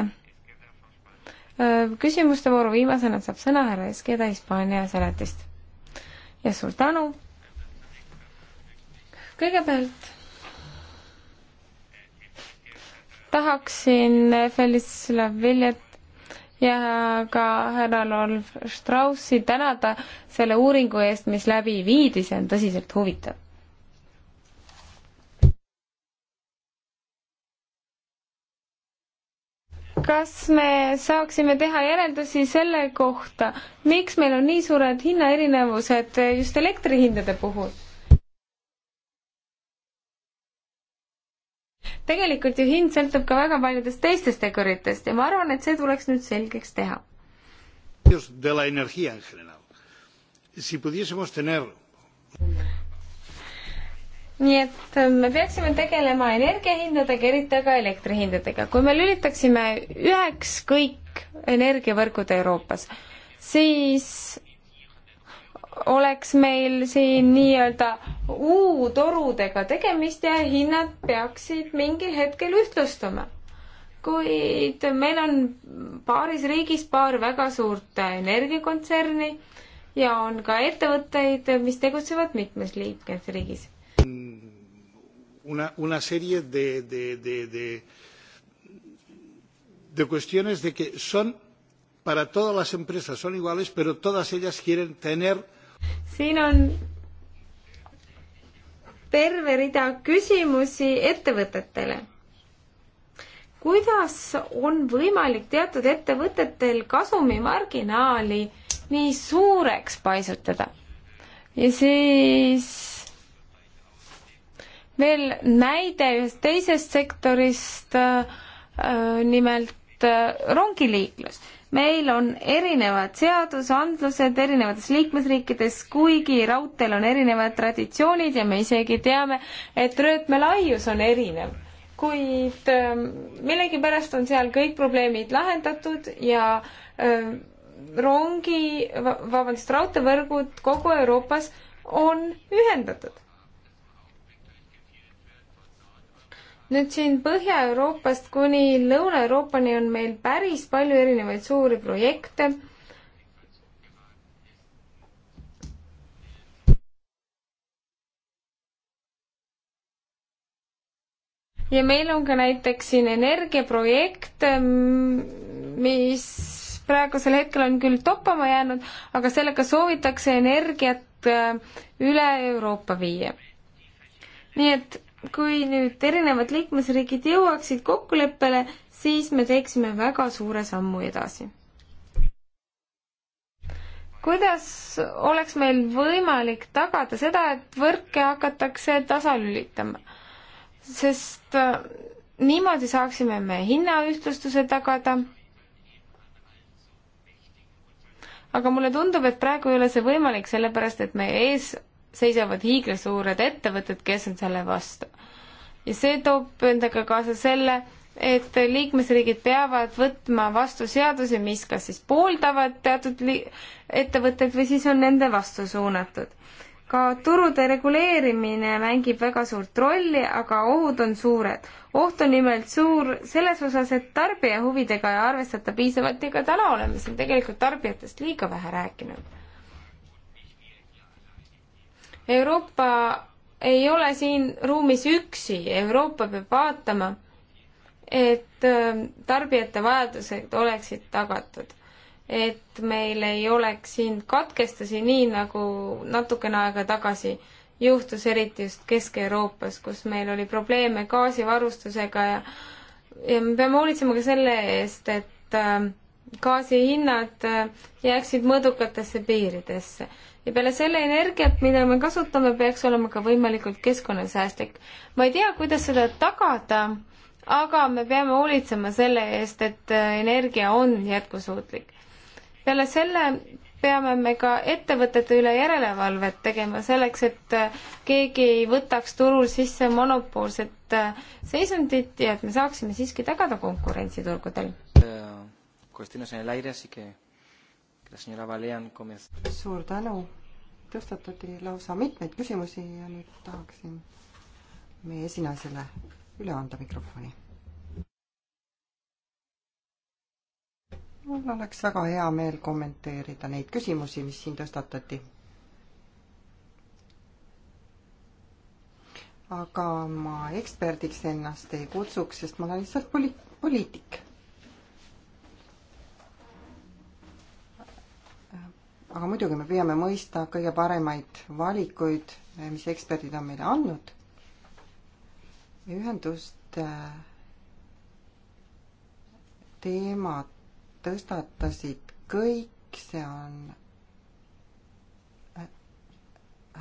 B: küsimuste vooru viimasena saab sõna härra Eskeda Hispaania seletist. ja suur tänu! kõigepealt tahaksin Felislav Viljet ja ka härra Rolf Straussi tänada selle uuringu eest, mis läbi viidi, see on tõsiselt huvitav kas me saaksime teha järeldusi selle kohta, miks meil on nii suured hinnaerinevused just elektrihindade puhul? tegelikult ju hind sõltub ka väga paljudest teistest teguritest ja ma arvan, et see tuleks nüüd selgeks teha.
A: de la energía en general. Si pudiésemos tener
B: nii et äh, me peaksime tegelema energiahindadega, eriti aga elektrihindadega. kui me lülitaksime üheks kõik energiavõrgud Euroopas, siis oleks meil siin nii-öelda U-torudega tegemist ja hinnad peaksid mingil hetkel ühtlustuma. kuid meil on paaris riigis paar väga suurt energiakontserni ja on ka ettevõtteid, mis tegutsevad mitmes liikmesriigis
A: una, una serie de, de, de, de, de cuestiones de que son para todas las empresas son iguales, pero todas ellas quieren tener.
B: siin on terve rida küsimusi ettevõtetele. kuidas on võimalik teatud ettevõtetel kasumimarginaali nii suureks paisutada? ja siis veel näide ühest teisest sektorist äh,, nimelt äh, rongiliiklus. meil on erinevad seadusandlused erinevates liikmesriikides, kuigi raudteel on erinevad traditsioonid ja me isegi teame, et röötmelaius on erinev. kuid äh, millegipärast on seal kõik probleemid lahendatud ja ähm, rongi, vabandust, raudteevõrgud kogu Euroopas on ühendatud nüüd siin Põhja-Euroopast kuni Lõuna-Euroopani on meil päris palju erinevaid suuri projekte. ja meil on ka näiteks siin energiaprojekt, mis praegusel hetkel on küll toppama jäänud, aga sellega soovitakse energiat äh, üle Euroopa viia. nii et kui nüüd erinevad liikmesriigid jõuaksid kokkuleppele, siis me teeksime väga suure sammu edasi. kuidas oleks meil võimalik tagada seda, et võrke hakatakse tasalülitama? sest äh, niimoodi saaksime me hinnaühtlustuse tagada, aga mulle tundub, et praegu ei ole see võimalik, sellepärast et meie ees seisavad hiiglasuured ettevõtted, kes on selle vastu. ja see toob endaga kaasa selle, et liikmesriigid peavad võtma vastu seadusi, mis kas siis pooldavad teatud ettevõtteid või siis on nende vastu suunatud. ka turude reguleerimine mängib väga suurt rolli, aga ohud on suured. oht on nimelt suur selles osas, et tarbija huvidega ei arvestata piisavalt ja ka täna oleme siin tegelikult tarbijatest liiga vähe rääkinud Euroopa ei ole siin ruumis üksi, Euroopa peab vaatama, et ähm, tarbijate vajadused oleksid tagatud. et meil ei oleks siin katkestusi, nii nagu natukene aega tagasi juhtus, eriti just Kesk-Euroopas, kus meil oli probleeme gaasivarustusega ja ja me peame hoolitsema ka selle eest, et ähm, gaasi hinnad äh, jääksid mõõdukatesse piiridesse ja peale selle energiat, mida me kasutame, peaks olema ka võimalikult keskkonnasäästlik. ma ei tea, kuidas seda tagada, aga me peame hoolitsema selle eest, et äh, energia on jätkusuutlik. peale selle peame me ka ettevõtete üle järelevalvet tegema selleks, et äh, keegi ei võtaks turul sisse monopoolset äh, seisundit ja et me saaksime siiski tagada konkurentsi turgudel.
A: Cuestiones en el aire, así que suur
D: tänu, tõstatati lausa mitmeid küsimusi ja nüüd tahaksin meie esinaisele üle anda mikrofoni. mul oleks väga hea meel kommenteerida neid küsimusi, mis siin tõstatati. aga ma eksperdiks ennast ei kutsuks, sest ma olen lihtsalt poli-, poliitik aga muidugi me püüame mõista kõige paremaid valikuid, mis eksperdid on meile andnud. ühenduste teemad tõstatasid kõik, see on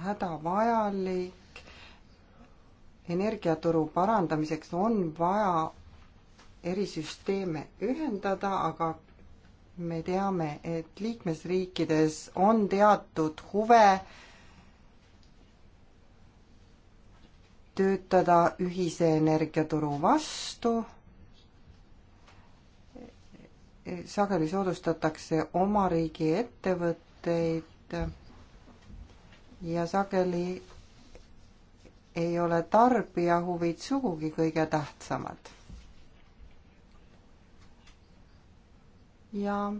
D: hädavajalik. energiaturu parandamiseks on vaja erisüsteeme ühendada, aga me teame, et liikmesriikides on teatud huve töötada ühise energiaturu vastu sageli soodustatakse oma riigi ettevõtteid ja sageli ei ole tarbija huvid sugugi kõige tähtsamad. ja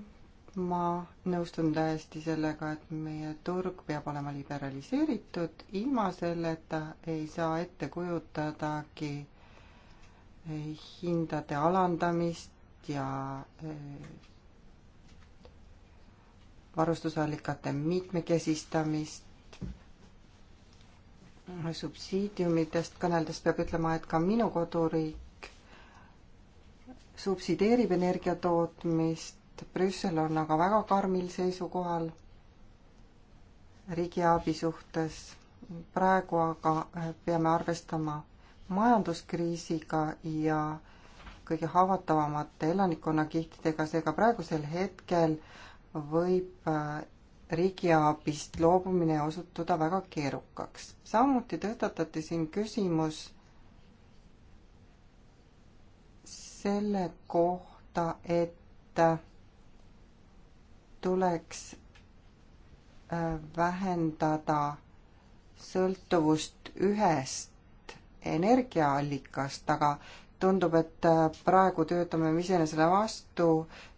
D: ma nõustun täiesti sellega, et meie turg peab olema liberaliseeritud, ilma selleta ei saa ette kujutadagi eh, hindade alandamist ja eh, varustusallikate mitmekesistamist. subsiidiumidest kõneldes peab ütlema, et ka minu koduriik subsideerib energia tootmist, et Brüssel on aga väga karmil seisukohal riigiabi suhtes. praegu aga äh, peame arvestama majanduskriisiga ja kõige haavatavamate elanikkonnakihtidega, seega praegusel hetkel võib äh, riigiabist loobumine osutuda väga keerukaks. samuti tõstatati siin küsimus selle kohta, et äh, tuleks äh, vähendada sõltuvust ühest energiaallikast, aga tundub, et äh, praegu töötame me iseenesele vastu,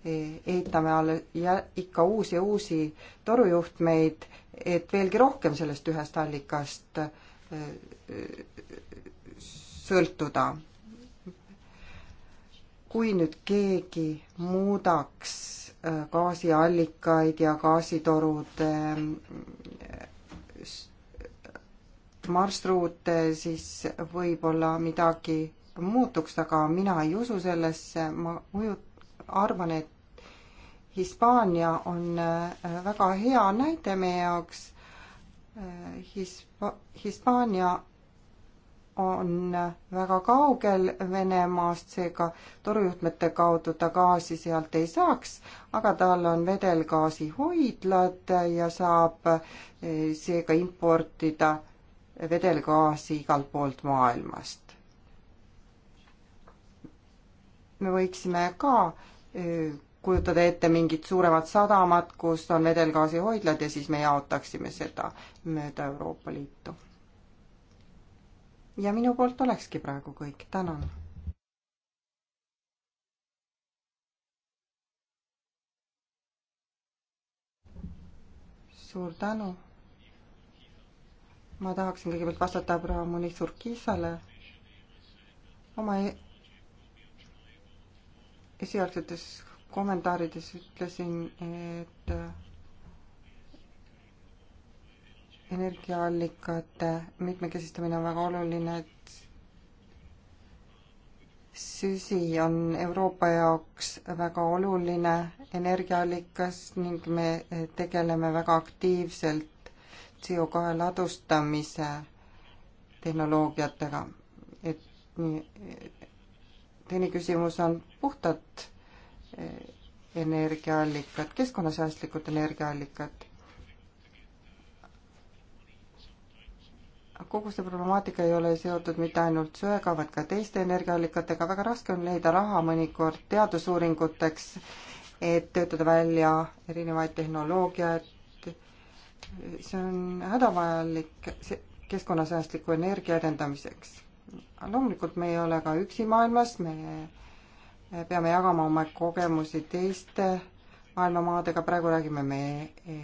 D: e-, ehitame alle ja ikka uusi ja uusi torujuhtmeid, et veelgi rohkem sellest ühest allikast äh, sõltuda. kui nüüd keegi muudaks gaasiallikaid ja gaasitorude ähm, marsruute, siis võib-olla midagi muutuks, aga mina ei usu sellesse, ma uju-, arvan, et Hispaania on äh, väga hea näide meie jaoks äh, Hispa-, Hispaania on väga kaugel Venemaast, seega torujuhtmete kaudu ta gaasi sealt ei saaks, aga tal on vedelgaasihoidlad ja saab eh, seega importida vedelgaasi igalt poolt maailmast. me võiksime ka eh, kujutada ette mingid suuremad sadamad, kus on vedelgaasihoidlad ja siis me jaotaksime seda mööda Euroopa Liitu ja minu poolt olekski praegu kõik, tänan. suur tänu. ma tahaksin kõigepealt vastata proua Monique Surkisale oma e. oma esialgsetes kommentaarides ütlesin, et energiaallikate mitmekesistamine on väga oluline, et süsi on Euroopa jaoks väga oluline energiaallikas ning me tegeleme väga aktiivselt CO2 ladustamise tehnoloogiatega. et teine küsimus on puhtad energiaallikad, keskkonnasäästlikud energiaallikad kogu see problemaatika ei ole seotud mitte ainult söega, vaid ka teiste energiaallikatega, väga raske on leida raha mõnikord teadusuuringuteks, et töötada välja erinevaid tehnoloogiaid, see on hädavajalik keskkonnasäästliku energia edendamiseks. loomulikult me ei ole ka üksi maailmas, me peame jagama oma kogemusi teiste maailmamaadega, praegu räägime me e-,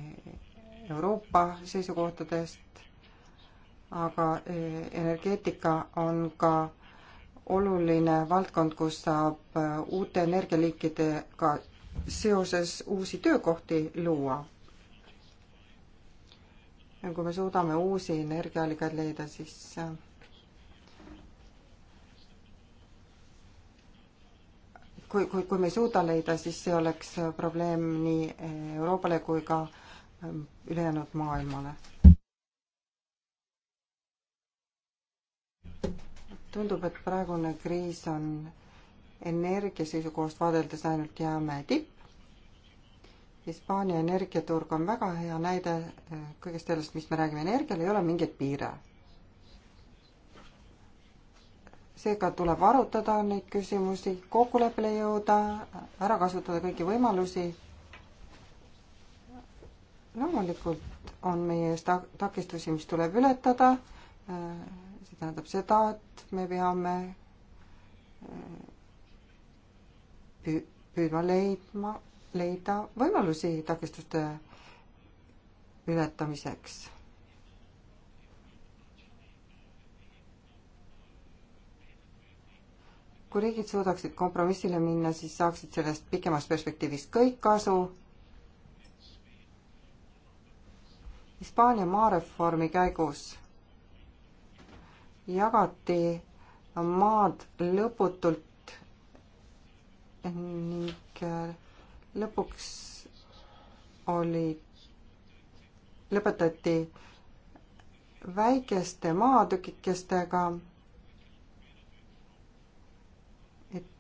D: Euroopa seisukohtadest aga eh, energeetika on ka oluline valdkond, kus saab eh, uute energialiikidega seoses uusi töökohti luua. ja kui me suudame uusi energiaallikaid leida, siis eh, kui, kui, kui me ei suuda leida, siis see oleks probleem nii Euroopale kui ka ülejäänud maailmale tundub, et praegune kriis on energia seisukohast vaadeldes ainult jäämäe tipp. Hispaania energiaturg on väga hea näide eh, kõigest sellest, mis me räägime, energial ei ole mingeid piire. seega tuleb arutada neid küsimusi, kokkuleppele jõuda, ära kasutada kõiki võimalusi. loomulikult on meie ees takistusi, mis tuleb ületada eh, see tähendab seda, et me peame eh, püüdma leidma, leida võimalusi takistuste ületamiseks. kui riigid suudaksid kompromissile minna, siis saaksid sellest pikemas perspektiivis kõik kasu. Hispaania maareformi käigus jagati maad lõputult ning äh, lõpuks oli, lõpetati väikeste maatükikestega, et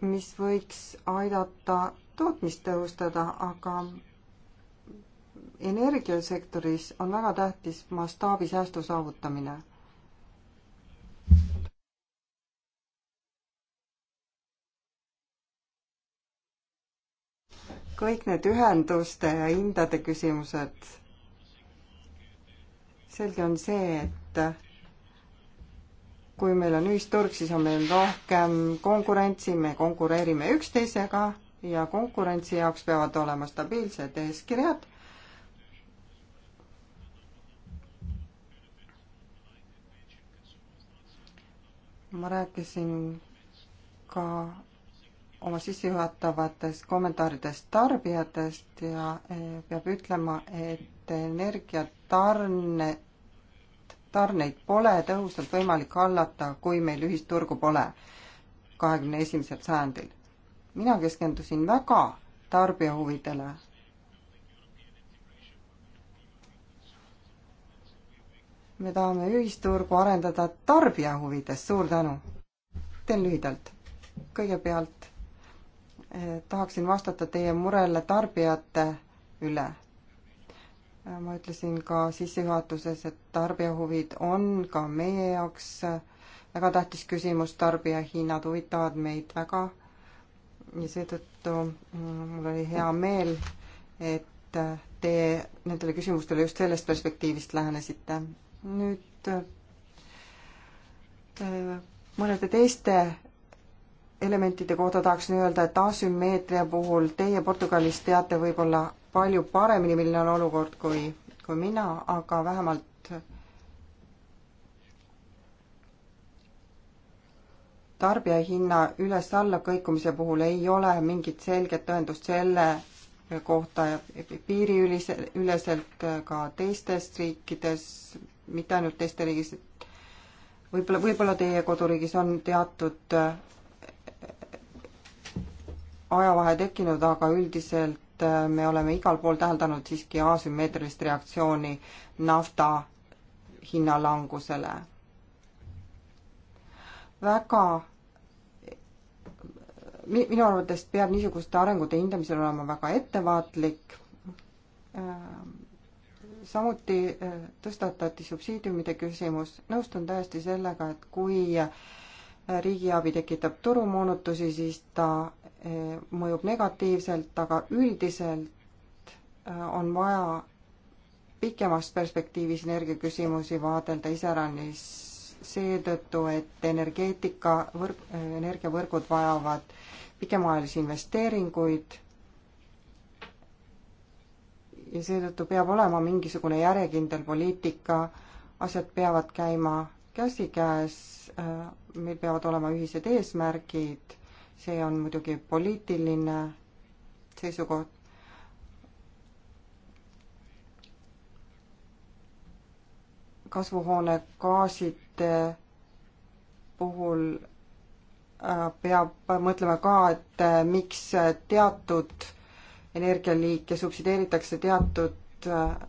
D: mis võiks aidata tootmist tõhustada, aga energiasektoris on väga tähtis mastaabisäästu saavutamine kõik need ühenduste ja hindade küsimused. selge on see, et kui meil on ühisturg, siis on meil rohkem konkurentsi, me konkureerime üksteisega ja konkurentsi jaoks peavad olema stabiilsed eeskirjad. ma rääkisin ka oma sissejuhatavates kommentaarides tarbijatest ja eh, peab ütlema, et energiatarne, tarneid pole tõhusalt võimalik hallata, kui meil ühisturgu pole kahekümne esimesel sajandil. mina keskendusin väga tarbija huvidele. me tahame ühisturgu arendada tarbija huvides, suur tänu! teen lühidalt. kõigepealt tahaksin vastata teie murele tarbijate üle. ma ütlesin ka sissejuhatuses, et tarbija huvid on ka meie jaoks väga tähtis küsimus, tarbijahinnad huvitavad meid väga ja seetõttu mul oli hea meel, et te nendele küsimustele just sellest perspektiivist lähenesite. nüüd äh, mõnede teiste elementide kohta tahaksin öelda, et asümmeetria puhul teie Portugalis teate võib-olla palju paremini, milline on olukord kui, kui mina, aga vähemalt tarbijahinna üles-alla kõikumise puhul ei ole mingit selget tõendust selle kohta piiriüleselt ka teistes riikides, mitte ainult teiste riigis, et võib-olla, võib-olla teie koduriigis on teatud ajavahe tekkinud, aga üldiselt äh, me oleme igal pool täheldanud siiski asümmeetrilist reaktsiooni nafta hinnalangusele. väga minu arvates peab niisuguste arengute hindamisel olema väga ettevaatlik. Ähm, samuti äh, tõstatati subsiidiumide küsimus, nõustun täiesti sellega, et kui äh, riigiabi tekitab turumoonutusi, siis ta Eh, mõjub negatiivselt, aga üldiselt eh, on vaja pikemas perspektiivis energiaküsimusi vaadelda iseäranis seetõttu, et energeetika, võrg, energiavõrgud vajavad pikemaajalisi investeeringuid ja seetõttu peab olema mingisugune järjekindel poliitika, asjad peavad käima käsikäes, eh, meil peavad olema ühised eesmärgid see on muidugi poliitiline seisukoht. kasvuhoonegaaside puhul äh, peab mõtlema ka, et äh, miks teatud energialiike subsideeritakse, teatud äh,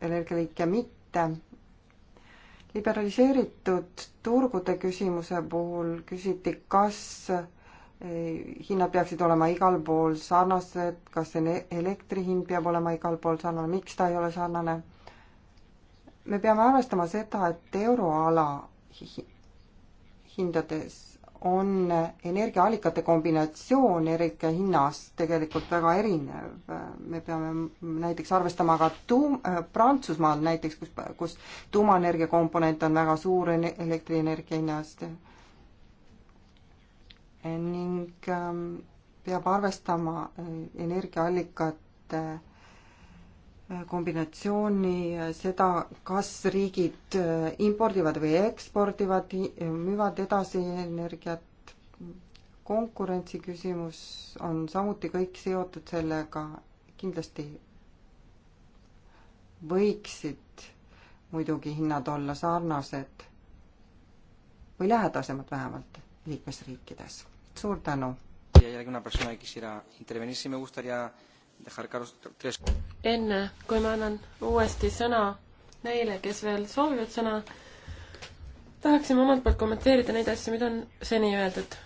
D: energialiike mitte liberaliseeritud turgude küsimuse puhul küsiti, kas eh, hinnad peaksid olema igal pool sarnased, kas elektri hind peab olema igal pool sarnane, miks ta ei ole sarnane? me peame arvestama seda, et euroala hindades on energiaallikate kombinatsioon energia hinnas tegelikult väga erinev. me peame näiteks arvestama ka tuum-, Prantsusmaal näiteks, kus, kus tuumaenergia komponent on väga suur elektrienergia hinnast. ning ähm, peab arvestama äh, energiaallikate kombinatsiooni seda, kas riigid äh, impordivad või ekspordivad, müüvad edasi energiat. konkurentsi küsimus on samuti kõik seotud sellega, kindlasti võiksid muidugi hinnad olla sarnased või lähedasemad vähemalt liikmesriikides. suur tänu!
A: ja jällegi una persona que quisiera intervenir, si me gustaría dejar claros tres
D: enne,
C: kui ma annan uuesti sõna neile, kes veel soovivad sõna, tahaksime omalt poolt kommenteerida neid asju, mida on seni öeldud.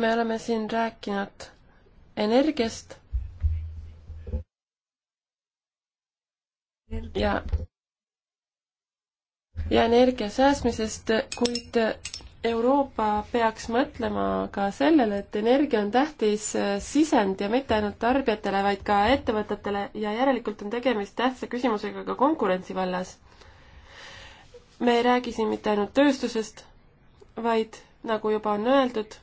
C: me oleme siin rääkinud energiast ja ja energia säästmisest, kuid Euroopa peaks mõtlema ka sellele, et energia on tähtis äh, sisend ja mitte ainult tarbijatele, vaid ka ettevõtetele ja järelikult on tegemist tähtsa küsimusega ka konkurentsi vallas. me ei räägi siin mitte ainult tööstusest, vaid nagu juba on öeldud,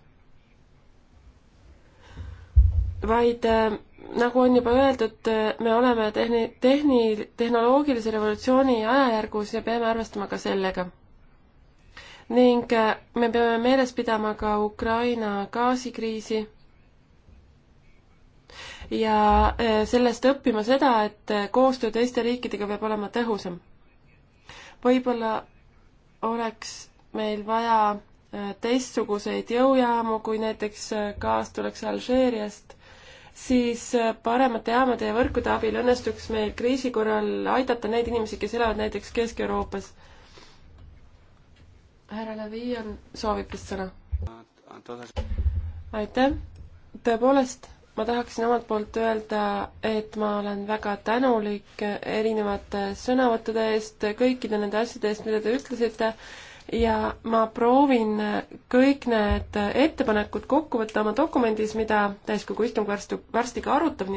C: vaid äh, nagu on juba öeldud, äh, me oleme tehni-, tehni-, tehnoloogilise revolutsiooni ajajärgus ja peame arvestama ka sellega ning äh, me peame meeles pidama ka Ukraina gaasikriisi ja äh, sellest õppima seda, et äh, koostöö teiste riikidega peab olema tõhusam. võib-olla oleks meil vaja teistsuguseid jõujaamu, kui näiteks gaas tuleks Alžeeriast, siis paremate jaamade ja võrkude abil õnnestuks meil kriisi korral aidata neid inimesi, kes elavad näiteks Kesk-Euroopas härra Levi on, soovib vist sõna? aitäh, tõepoolest ma tahaksin omalt poolt öelda, et ma olen väga tänulik erinevate sõnavõttude eest, kõikide nende asjade eest, mida te ütlesite, ja ma proovin kõik need ettepanekud kokku võtta oma dokumendis, mida täiskogu istung varsti, varsti ka arutab, nii et